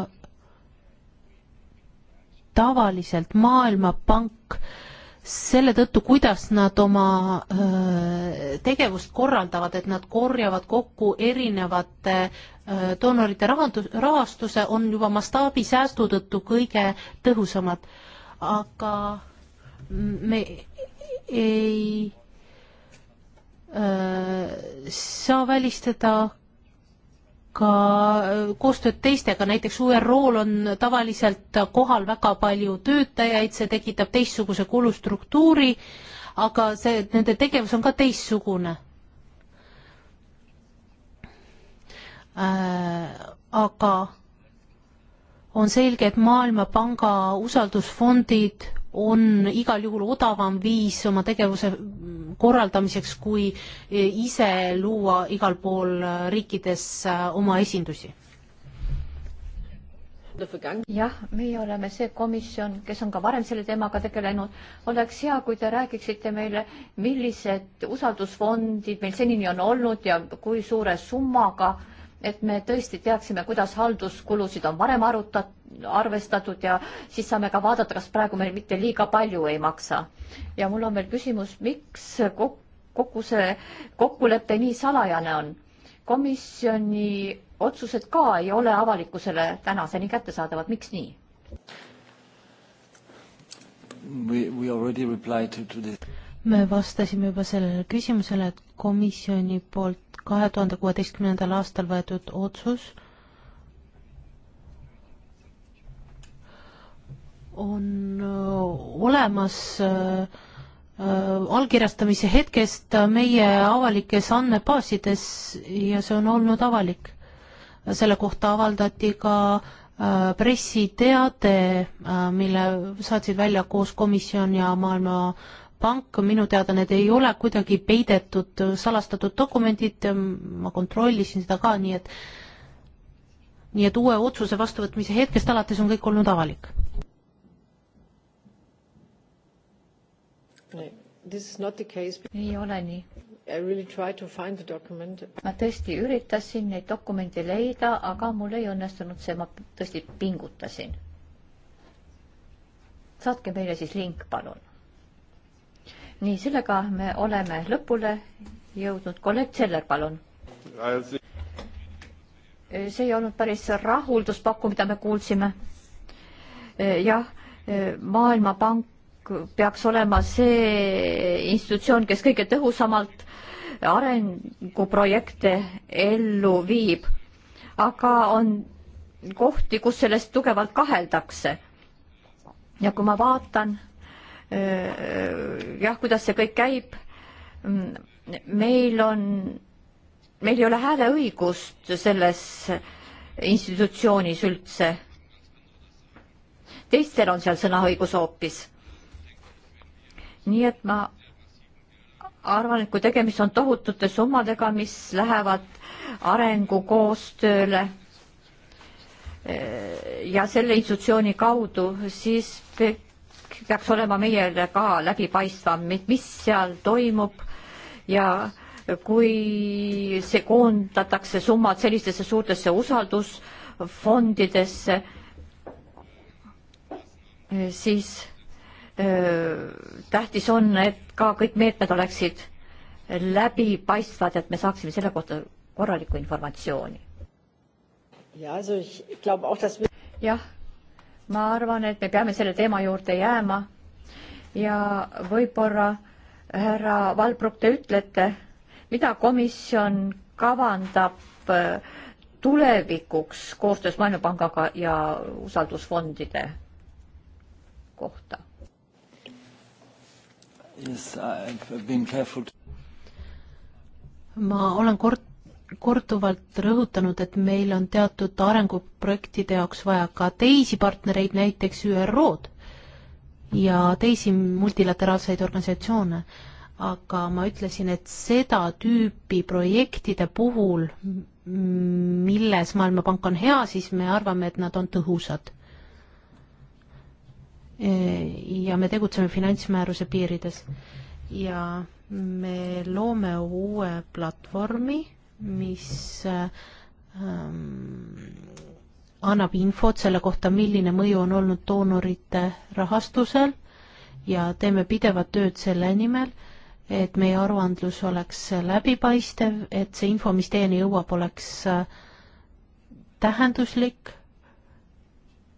tavaliselt Maailmapank selle tõttu, kuidas nad oma öö, tegevust korraldavad, et nad korjavad kokku erinevate öö, doonorite rahandus, rahastuse, on juba mastaabisäästu tõttu kõige tõhusamad. aga me ei öö, saa välistada ka äh, koostööd teistega, näiteks ÜRO-l on tavaliselt kohal väga palju töötajaid, see tekitab teistsuguse kulustruktuuri, aga see, nende tegevus on ka teistsugune äh,. aga on selge, et Maailmapanga usaldusfondid on igal juhul odavam viis oma tegevuse korraldamiseks, kui ise luua igal pool riikides äh, oma esindusi? jah, meie oleme see komisjon, kes on ka varem selle teemaga tegelenud. oleks hea, kui te räägiksite meile, millised usaldusfondid meil senini on olnud ja kui suure summaga et me tõesti teaksime, kuidas halduskulusid on varem arutat-, arvestatud ja siis saame ka vaadata, kas praegu meil mitte liiga palju ei maksa. ja mul on veel küsimus, miks kogu see kokkulepe nii salajane on? komisjoni otsused ka ei ole avalikkusele tänaseni kättesaadavad, miks nii? We, we already replied to, to this me vastasime juba sellele küsimusele, et komisjoni poolt kahe tuhande kuueteistkümnendal aastal võetud otsus on äh, olemas äh, äh, allkirjastamise hetkest meie avalikes andmebaasides ja see on olnud avalik. selle kohta avaldati ka pressiteade, mille saatsid välja koos komisjon ja Maailma pank, minu teada need ei ole kuidagi peidetud, salastatud dokumendid, ma kontrollisin seda ka, nii et nii et uue otsuse vastuvõtmise hetkest alates on kõik olnud avalik. ei ole nii. Really ma tõesti üritasin neid dokumente leida, aga mul ei õnnestunud see, ma tõesti pingutasin. saatke meile siis link, palun nii, sellega me oleme lõpule jõudnud. kolleeg Zeller, palun. see ei olnud päris rahulduspakku, mida me kuulsime. jah, Maailmapank peaks olema see institutsioon, kes kõige tõhusamalt arenguprojekte ellu viib, aga on kohti, kus sellest tugevalt kaheldakse. ja kui ma vaatan jah, kuidas see kõik käib. meil on, meil ei ole hääleõigust selles institutsioonis üldse. teistel on seal sõnaõigus hoopis. nii et ma arvan, et kui tegemist on tohutute summadega, mis lähevad arengukoostööle eh, ja selle institutsiooni kaudu, siis peaks olema meile ka läbipaistvam, mis seal toimub ja kui see koondatakse summad sellistesse suurtesse usaldusfondidesse, siis öö, tähtis on, et ka kõik meetmed oleksid läbipaistvad, et me saaksime selle kohta korralikku informatsiooni. jah ma arvan, et me peame selle teema juurde jääma ja võib-olla härra Valbrug, te ütlete, mida komisjon kavandab äh, tulevikuks koostöös Maailmapangaga ja usaldusfondide kohta? ma olen kord korduvalt rõhutanud, et meil on teatud arenguprojektide jaoks vaja ka teisi partnereid, näiteks ÜRO-d ja teisi multilateraalseid organisatsioone. aga ma ütlesin, et seda tüüpi projektide puhul, milles Maailmapank on hea, siis me arvame, et nad on tõhusad. ja me tegutseme finantsmääruse piirides ja me loome uue platvormi mis ähm, annab infot selle kohta, milline mõju on olnud doonorite rahastusel ja teeme pidevat tööd selle nimel, et meie aruandlus oleks läbipaistev, et see info, mis teieni jõuab, oleks äh, tähenduslik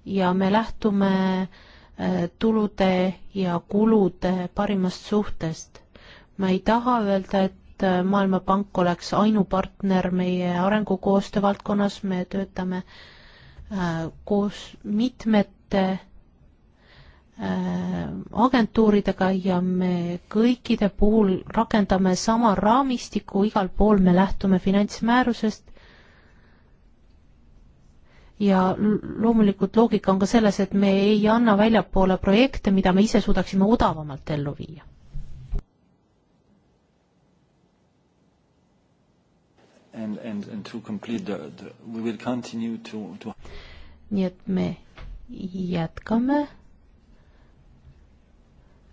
ja me lähtume äh, tulude ja kulude parimast suhtest. ma ei taha öelda, et et äh, Maailmapank oleks ainupartner meie arengukoostöö valdkonnas, me töötame äh, koos mitmete äh, agentuuridega ja me kõikide puhul rakendame sama raamistiku, igal pool me lähtume finantsmäärusest ja loomulikult loogika on ka selles, et me ei anna väljapoole projekte, mida me ise suudaksime odavamalt ellu viia and, and, and to complete the, the we will continue to, to nii et me jätkame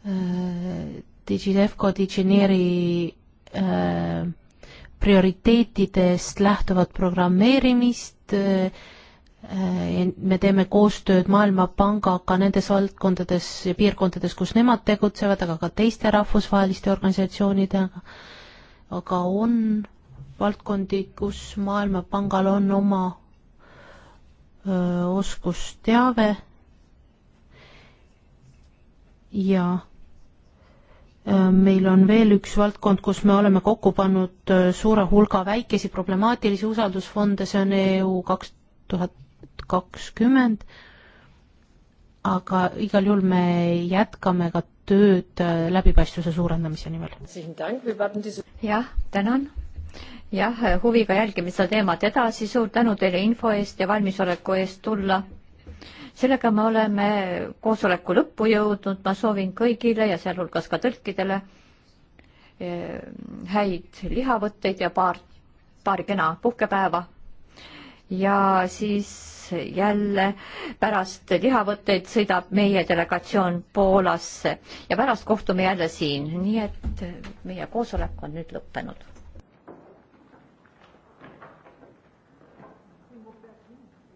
äh,. Digidefco Digineeri äh, prioriteetidest lähtuvat programmeerimist äh,. me teeme koostööd Maailmapangaga nendes valdkondades ja piirkondades, kus nemad tegutsevad, aga ka teiste rahvusvaheliste organisatsioonidega. aga on äh, valdkondi, kus Maailmapangal on oma öö, oskusteave ja öö, meil on veel üks valdkond, kus me oleme kokku pannud öö, suure hulga väikesi problemaatilisi usaldusfonde, see on EU kaks tuhat kakskümmend, aga igal juhul me jätkame ka tööd läbipaistvuse suurendamise nimel. jah, tänan jah, huviga jälgime seda teemat edasi, suur tänu teile info eest ja valmisoleku eest tulla. sellega me oleme koosoleku lõppu jõudnud, ma soovin kõigile ja sealhulgas ka tõlkidele eh, häid lihavõtteid ja paar, paar kena puhkepäeva. ja siis jälle pärast lihavõtteid sõidab meie delegatsioon Poolasse ja pärast kohtume jälle siin, nii et meie koosolek on nüüd lõppenud.